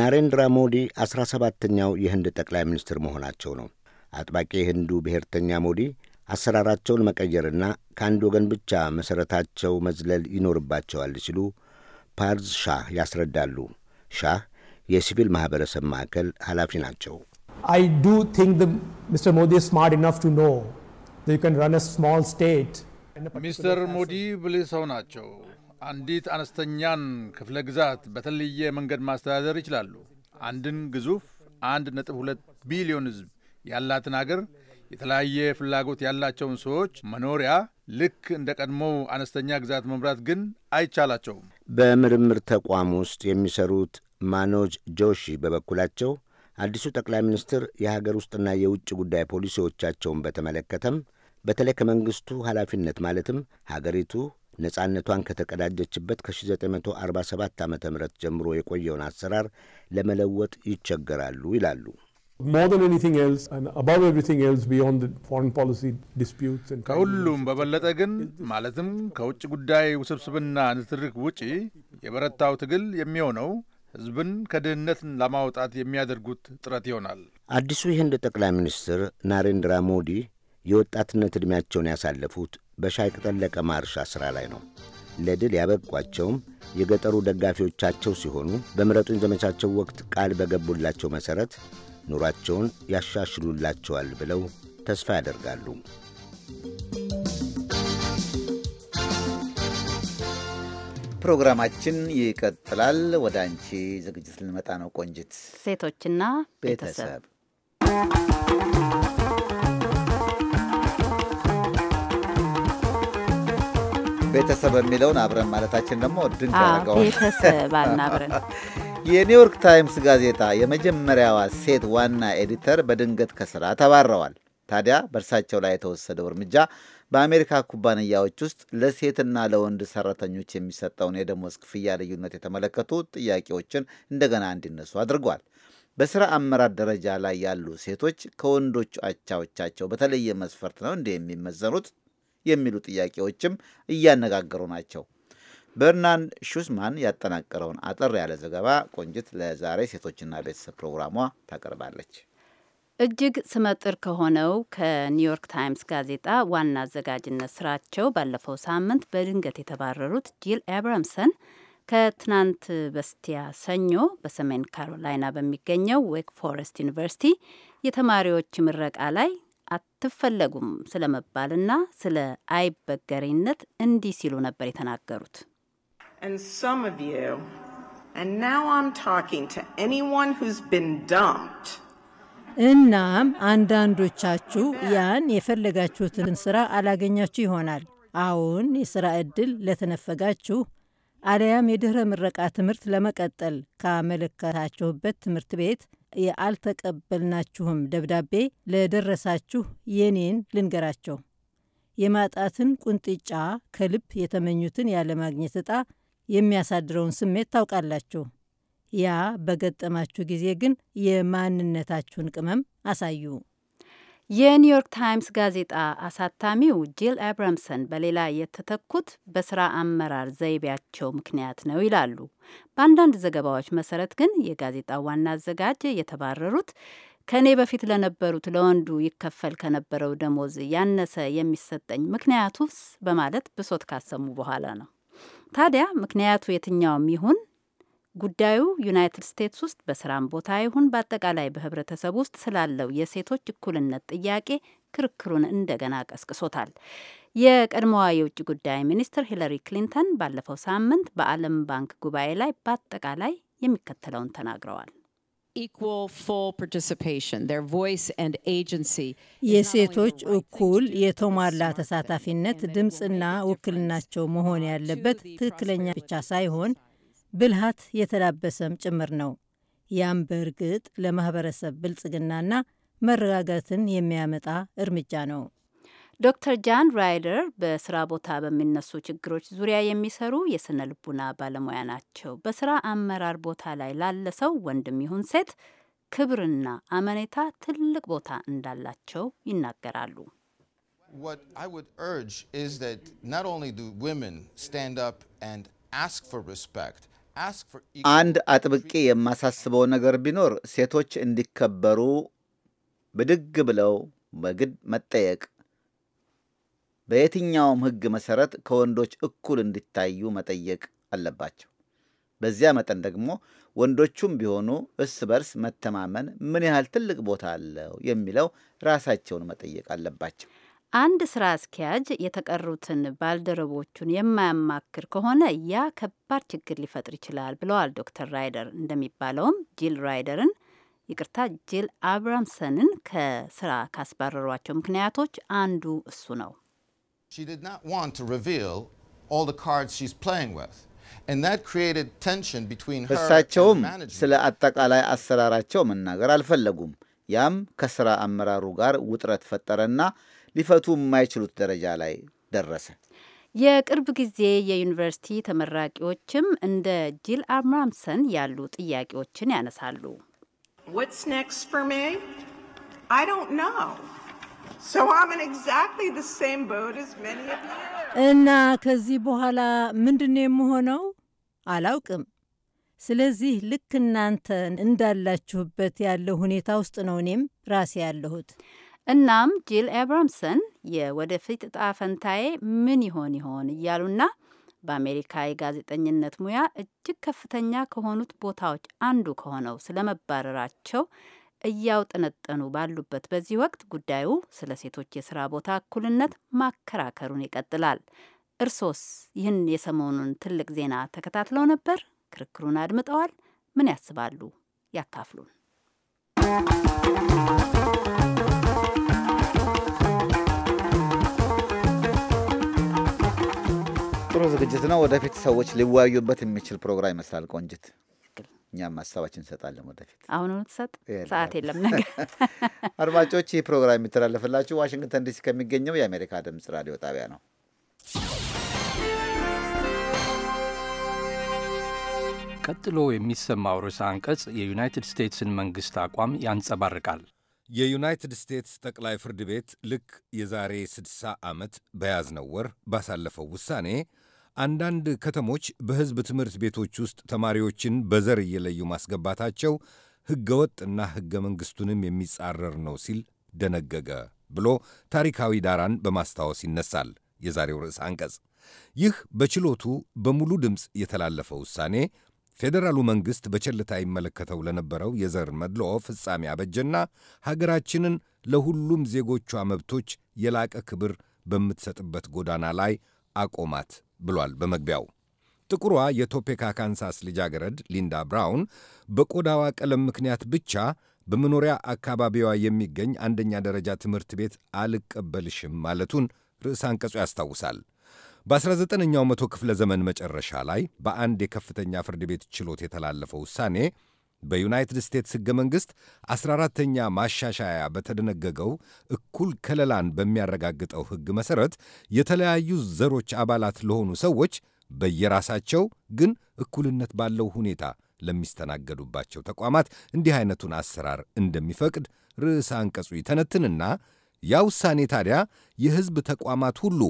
ናሬንድራ ሞዲ አስራ ሰባተኛው የህንድ ጠቅላይ ሚኒስትር መሆናቸው ነው። አጥባቂ ህንዱ ብሔርተኛ ሞዲ አሰራራቸውን መቀየርና ከአንድ ወገን ብቻ መሠረታቸው መዝለል ይኖርባቸዋል ሲሉ ፓርዝ ሻህ ያስረዳሉ። ሻህ የሲቪል ማኅበረሰብ ማዕከል ኃላፊ ናቸው። ሚስተር ሞዲ ብልህ ሰው ናቸው። አንዲት አነስተኛን ክፍለ ግዛት በተለየ መንገድ ማስተዳደር ይችላሉ። አንድን ግዙፍ 1.2 ቢሊዮን ህዝብ ያላትን አገር የተለያየ ፍላጎት ያላቸውን ሰዎች መኖሪያ ልክ እንደ ቀድሞው አነስተኛ ግዛት መምራት ግን አይቻላቸውም። በምርምር ተቋም ውስጥ የሚሰሩት ማኖጅ ጆሺ በበኩላቸው አዲሱ ጠቅላይ ሚኒስትር የሀገር ውስጥና የውጭ ጉዳይ ፖሊሲዎቻቸውን በተመለከተም በተለይ ከመንግስቱ ኃላፊነት ማለትም ሀገሪቱ ነጻነቷን ከተቀዳጀችበት ከ1947 ዓ ም ጀምሮ የቆየውን አሰራር ለመለወጥ ይቸገራሉ ይላሉ። ከሁሉም በበለጠ ግን ማለትም ከውጭ ጉዳይ ውስብስብና ንትርክ ውጪ የበረታው ትግል የሚሆነው ህዝብን ከድህነት ለማውጣት የሚያደርጉት ጥረት ይሆናል። አዲሱ የህንድ ጠቅላይ ሚኒስትር ናሬንድራ ሞዲ የወጣትነት ዕድሜያቸውን ያሳለፉት በሻይ ቅጠል ለቀማ እርሻ ሥራ ላይ ነው። ለድል ያበቋቸውም የገጠሩ ደጋፊዎቻቸው ሲሆኑ በምረጡኝ ዘመቻቸው ወቅት ቃል በገቡላቸው መሠረት ኑሯቸውን ያሻሽሉላቸዋል ብለው ተስፋ ያደርጋሉ። ፕሮግራማችን ይቀጥላል። ወደ አንቺ ዝግጅት ልንመጣ ነው ቆንጅት። ሴቶችና ቤተሰብ ቤተሰብ የሚለውን አብረን ማለታችን ደግሞ ድንቅ ያደርገዋል። ቤተሰብ አብረን የኒውዮርክ ታይምስ ጋዜጣ የመጀመሪያዋ ሴት ዋና ኤዲተር በድንገት ከስራ ተባረዋል። ታዲያ በእርሳቸው ላይ የተወሰደው እርምጃ በአሜሪካ ኩባንያዎች ውስጥ ለሴትና ለወንድ ሰራተኞች የሚሰጠውን የደሞዝ ክፍያ ልዩነት የተመለከቱ ጥያቄዎችን እንደገና እንዲነሱ አድርጓል። በስራ አመራር ደረጃ ላይ ያሉ ሴቶች ከወንዶቹ አቻዎቻቸው በተለየ መስፈርት ነው እንዲህ የሚመዘኑት የሚሉ ጥያቄዎችም እያነጋገሩ ናቸው። በርናንድ ሹስማን ያጠናቀረውን አጠር ያለ ዘገባ ቆንጅት ለዛሬ ሴቶችና ቤተሰብ ፕሮግራሟ ታቀርባለች። እጅግ ስመጥር ከሆነው ከኒውዮርክ ታይምስ ጋዜጣ ዋና አዘጋጅነት ስራቸው ባለፈው ሳምንት በድንገት የተባረሩት ጂል አብራምሰን ከትናንት በስቲያ ሰኞ በሰሜን ካሮላይና በሚገኘው ዌክ ፎረስት ዩኒቨርሲቲ የተማሪዎች ምረቃ ላይ አትፈለጉም ስለመባልና ስለ አይበገሬነት እንዲህ ሲሉ ነበር የተናገሩት። And some of you, and now I'm talking to anyone who's been dumped. እናም አንዳንዶቻችሁ ያን የፈለጋችሁትን ስራ አላገኛችሁ ይሆናል። አሁን የስራ ዕድል ለተነፈጋችሁ አለያም የድኅረ ምረቃ ትምህርት ለመቀጠል ካመለከታችሁበት ትምህርት ቤት የአልተቀበልናችሁም ደብዳቤ ለደረሳችሁ የኔን ልንገራቸው። የማጣትን ቁንጥጫ ከልብ የተመኙትን ያለማግኘት ዕጣ የሚያሳድረውን ስሜት ታውቃላችሁ። ያ በገጠማችሁ ጊዜ ግን የማንነታችሁን ቅመም አሳዩ። የኒውዮርክ ታይምስ ጋዜጣ አሳታሚው ጂል አብራምሰን በሌላ የተተኩት በስራ አመራር ዘይቤያቸው ምክንያት ነው ይላሉ። በአንዳንድ ዘገባዎች መሰረት ግን የጋዜጣው ዋና አዘጋጅ የተባረሩት ከእኔ በፊት ለነበሩት ለወንዱ ይከፈል ከነበረው ደሞዝ ያነሰ የሚሰጠኝ ምክንያቱስ በማለት ብሶት ካሰሙ በኋላ ነው። ታዲያ ምክንያቱ የትኛውም ይሁን ጉዳዩ ዩናይትድ ስቴትስ ውስጥ በስራም ቦታ ይሁን በአጠቃላይ በህብረተሰብ ውስጥ ስላለው የሴቶች እኩልነት ጥያቄ ክርክሩን እንደገና ቀስቅሶታል። የቀድሞዋ የውጭ ጉዳይ ሚኒስትር ሂለሪ ክሊንተን ባለፈው ሳምንት በዓለም ባንክ ጉባኤ ላይ በአጠቃላይ የሚከተለውን ተናግረዋል። የሴቶች እኩል የተሟላ ተሳታፊነት ድምፅና ውክልናቸው መሆን ያለበት ትክክለኛ ብቻ ሳይሆን ብልሃት የተላበሰም ጭምር ነው። ያም በእርግጥ ለማህበረሰብ ብልጽግናና መረጋጋትን የሚያመጣ እርምጃ ነው። ዶክተር ጃን ራይደር በስራ ቦታ በሚነሱ ችግሮች ዙሪያ የሚሰሩ የስነ ልቡና ባለሙያ ናቸው። በስራ አመራር ቦታ ላይ ላለ ሰው ወንድም ይሁን ሴት ክብርና አመኔታ ትልቅ ቦታ እንዳላቸው ይናገራሉ። አንድ አጥብቄ የማሳስበው ነገር ቢኖር ሴቶች እንዲከበሩ ብድግ ብለው በግድ መጠየቅ በየትኛውም ሕግ መሰረት ከወንዶች እኩል እንዲታዩ መጠየቅ አለባቸው። በዚያ መጠን ደግሞ ወንዶቹም ቢሆኑ እርስ በርስ መተማመን ምን ያህል ትልቅ ቦታ አለው የሚለው ራሳቸውን መጠየቅ አለባቸው። አንድ ስራ አስኪያጅ የተቀሩትን ባልደረቦቹን የማያማክር ከሆነ ያ ከባድ ችግር ሊፈጥር ይችላል ብለዋል ዶክተር ራይደር። እንደሚባለውም ጂል ራይደርን ይቅርታ፣ ጂል አብራምሰንን ከስራ ካስባረሯቸው ምክንያቶች አንዱ እሱ ነው። She did not want to reveal all the cards she's playing with. And that created tension between her እሳቸውም ስለ አጠቃላይ አሰራራቸው መናገር አልፈለጉም። ያም ከስራ አመራሩ ጋር ውጥረት ፈጠረና ሊፈቱ የማይችሉት ደረጃ ላይ ደረሰ። የቅርብ ጊዜ የዩኒቨርሲቲ ተመራቂዎችም እንደ ጂል አብራምሰን ያሉ ጥያቄዎችን ያነሳሉ። እና ከዚህ በኋላ ምንድን የምሆነው? አላውቅም። ስለዚህ ልክ እናንተ እንዳላችሁበት ያለው ሁኔታ ውስጥ ነው እኔም ራሴ ያለሁት። እናም ጂል አብራምሰን የወደፊት እጣ ፈንታዬ ምን ይሆን ይሆን እያሉና በአሜሪካ የጋዜጠኝነት ሙያ እጅግ ከፍተኛ ከሆኑት ቦታዎች አንዱ ከሆነው ስለመባረራቸው እያውጠነጠኑ ባሉበት በዚህ ወቅት ጉዳዩ ስለ ሴቶች የስራ ቦታ እኩልነት ማከራከሩን ይቀጥላል። እርሶስ ይህን የሰሞኑን ትልቅ ዜና ተከታትለው ነበር? ክርክሩን አድምጠዋል? ምን ያስባሉ? ያካፍሉን። ጥሩ ዝግጅት ነው። ወደፊት ሰዎች ሊወያዩበት የሚችል ፕሮግራም ይመስላል ቆንጅት። እኛም ሀሳባችን እንሰጣለን ወደፊት። አሁን ትሰጥ ሰዓት የለም ነገር። አድማጮች፣ ይህ ፕሮግራም የሚተላለፍላችሁ ዋሽንግተን ዲሲ ከሚገኘው የአሜሪካ ድምፅ ራዲዮ ጣቢያ ነው። ቀጥሎ የሚሰማው ርዕሰ አንቀጽ የዩናይትድ ስቴትስን መንግሥት አቋም ያንጸባርቃል። የዩናይትድ ስቴትስ ጠቅላይ ፍርድ ቤት ልክ የዛሬ 60 ዓመት በያዝነው ወር ባሳለፈው ውሳኔ አንዳንድ ከተሞች በሕዝብ ትምህርት ቤቶች ውስጥ ተማሪዎችን በዘር እየለዩ ማስገባታቸው ሕገወጥና ሕገ መንግሥቱንም የሚጻረር ነው ሲል ደነገገ ብሎ ታሪካዊ ዳራን በማስታወስ ይነሳል የዛሬው ርዕስ አንቀጽ። ይህ በችሎቱ በሙሉ ድምፅ የተላለፈ ውሳኔ ፌዴራሉ መንግሥት በቸልታ ይመለከተው ለነበረው የዘር መድልኦ ፍጻሜ አበጀና ሀገራችንን ለሁሉም ዜጎቿ መብቶች የላቀ ክብር በምትሰጥበት ጎዳና ላይ አቆማት ብሏል በመግቢያው። ጥቁሯ የቶፔካ ካንሳስ ልጃገረድ ሊንዳ ብራውን በቆዳዋ ቀለም ምክንያት ብቻ በመኖሪያ አካባቢዋ የሚገኝ አንደኛ ደረጃ ትምህርት ቤት አልቀበልሽም ማለቱን ርዕሰ አንቀጹ ያስታውሳል። በ19ኛው መቶ ክፍለ ዘመን መጨረሻ ላይ በአንድ የከፍተኛ ፍርድ ቤት ችሎት የተላለፈው ውሳኔ በዩናይትድ ስቴትስ ሕገ መንግሥት 14ተኛ ማሻሻያ በተደነገገው እኩል ከለላን በሚያረጋግጠው ሕግ መሠረት የተለያዩ ዘሮች አባላት ለሆኑ ሰዎች በየራሳቸው ግን እኩልነት ባለው ሁኔታ ለሚስተናገዱባቸው ተቋማት እንዲህ አይነቱን አሰራር እንደሚፈቅድ ርዕሰ አንቀጹ ይተነትንና ያ ውሳኔ ታዲያ የሕዝብ ተቋማት ሁሉ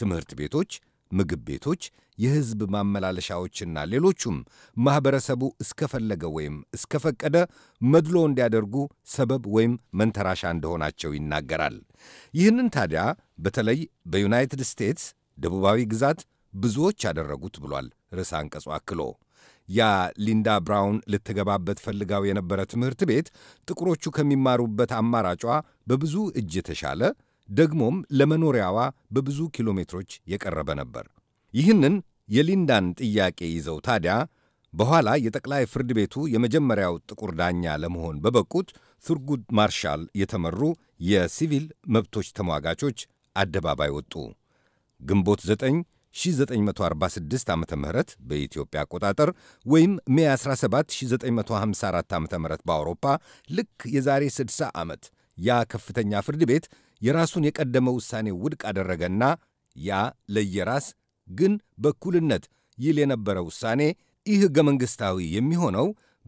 ትምህርት ቤቶች ምግብ ቤቶች፣ የሕዝብ ማመላለሻዎችና ሌሎቹም ማኅበረሰቡ እስከፈለገ ወይም እስከፈቀደ መድሎ እንዲያደርጉ ሰበብ ወይም መንተራሻ እንደሆናቸው ይናገራል። ይህንን ታዲያ በተለይ በዩናይትድ ስቴትስ ደቡባዊ ግዛት ብዙዎች ያደረጉት ብሏል ርዕሰ አንቀጹ አክሎ። ያ ሊንዳ ብራውን ልትገባበት ፈልጋው የነበረ ትምህርት ቤት ጥቁሮቹ ከሚማሩበት አማራጯ በብዙ እጅ የተሻለ ደግሞም ለመኖሪያዋ በብዙ ኪሎ ሜትሮች የቀረበ ነበር። ይህንን የሊንዳን ጥያቄ ይዘው ታዲያ በኋላ የጠቅላይ ፍርድ ቤቱ የመጀመሪያው ጥቁር ዳኛ ለመሆን በበቁት ቱርጉድ ማርሻል የተመሩ የሲቪል መብቶች ተሟጋቾች አደባባይ ወጡ። ግንቦት 9 1946 ዓ ም በኢትዮጵያ አቆጣጠር ወይም ሜ 17 1954 ዓ ም በአውሮፓ ልክ የዛሬ 60 ዓመት ያ ከፍተኛ ፍርድ ቤት የራሱን የቀደመ ውሳኔ ውድቅ አደረገና ያ ለየራስ ግን በእኩልነት ይል የነበረ ውሳኔ ይህ ሕገ መንግሥታዊ የሚሆነው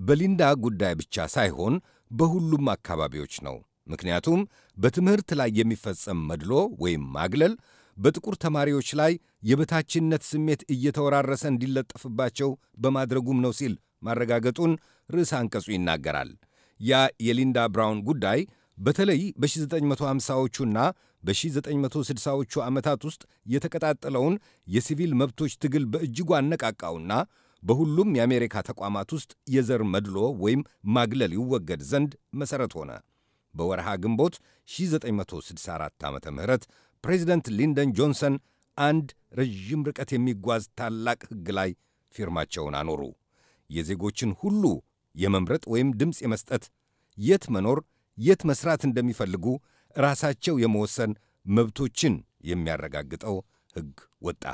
በሊንዳ ጉዳይ ብቻ ሳይሆን በሁሉም አካባቢዎች ነው። ምክንያቱም በትምህርት ላይ የሚፈጸም መድሎ ወይም ማግለል በጥቁር ተማሪዎች ላይ የበታችነት ስሜት እየተወራረሰ እንዲለጠፍባቸው በማድረጉም ነው ሲል ማረጋገጡን ርዕስ አንቀጹ ይናገራል። ያ የሊንዳ ብራውን ጉዳይ በተለይ በ1950ዎቹና በ1960ዎቹ ዓመታት ውስጥ የተቀጣጠለውን የሲቪል መብቶች ትግል በእጅጉ አነቃቃውና በሁሉም የአሜሪካ ተቋማት ውስጥ የዘር መድሎ ወይም ማግለል ይወገድ ዘንድ መሠረት ሆነ። በወርሃ ግንቦት 1964 ዓ ም ፕሬዚደንት ሊንደን ጆንሰን አንድ ረዥም ርቀት የሚጓዝ ታላቅ ሕግ ላይ ፊርማቸውን አኖሩ። የዜጎችን ሁሉ የመምረጥ ወይም ድምፅ የመስጠት የት መኖር የት መስራት እንደሚፈልጉ ራሳቸው የመወሰን መብቶችን የሚያረጋግጠው ሕግ ወጣ።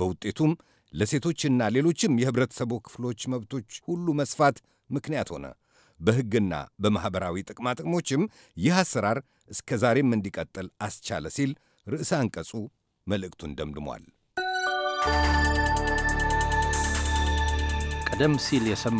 በውጤቱም ለሴቶችና ሌሎችም የኅብረተሰቡ ክፍሎች መብቶች ሁሉ መስፋት ምክንያት ሆነ። በሕግና በማኅበራዊ ጥቅማጥቅሞችም ይህ አሰራር እስከ ዛሬም እንዲቀጥል አስቻለ ሲል ርዕሰ አንቀጹ መልእክቱን ደምድሟል። ቀደም ሲል የሰማ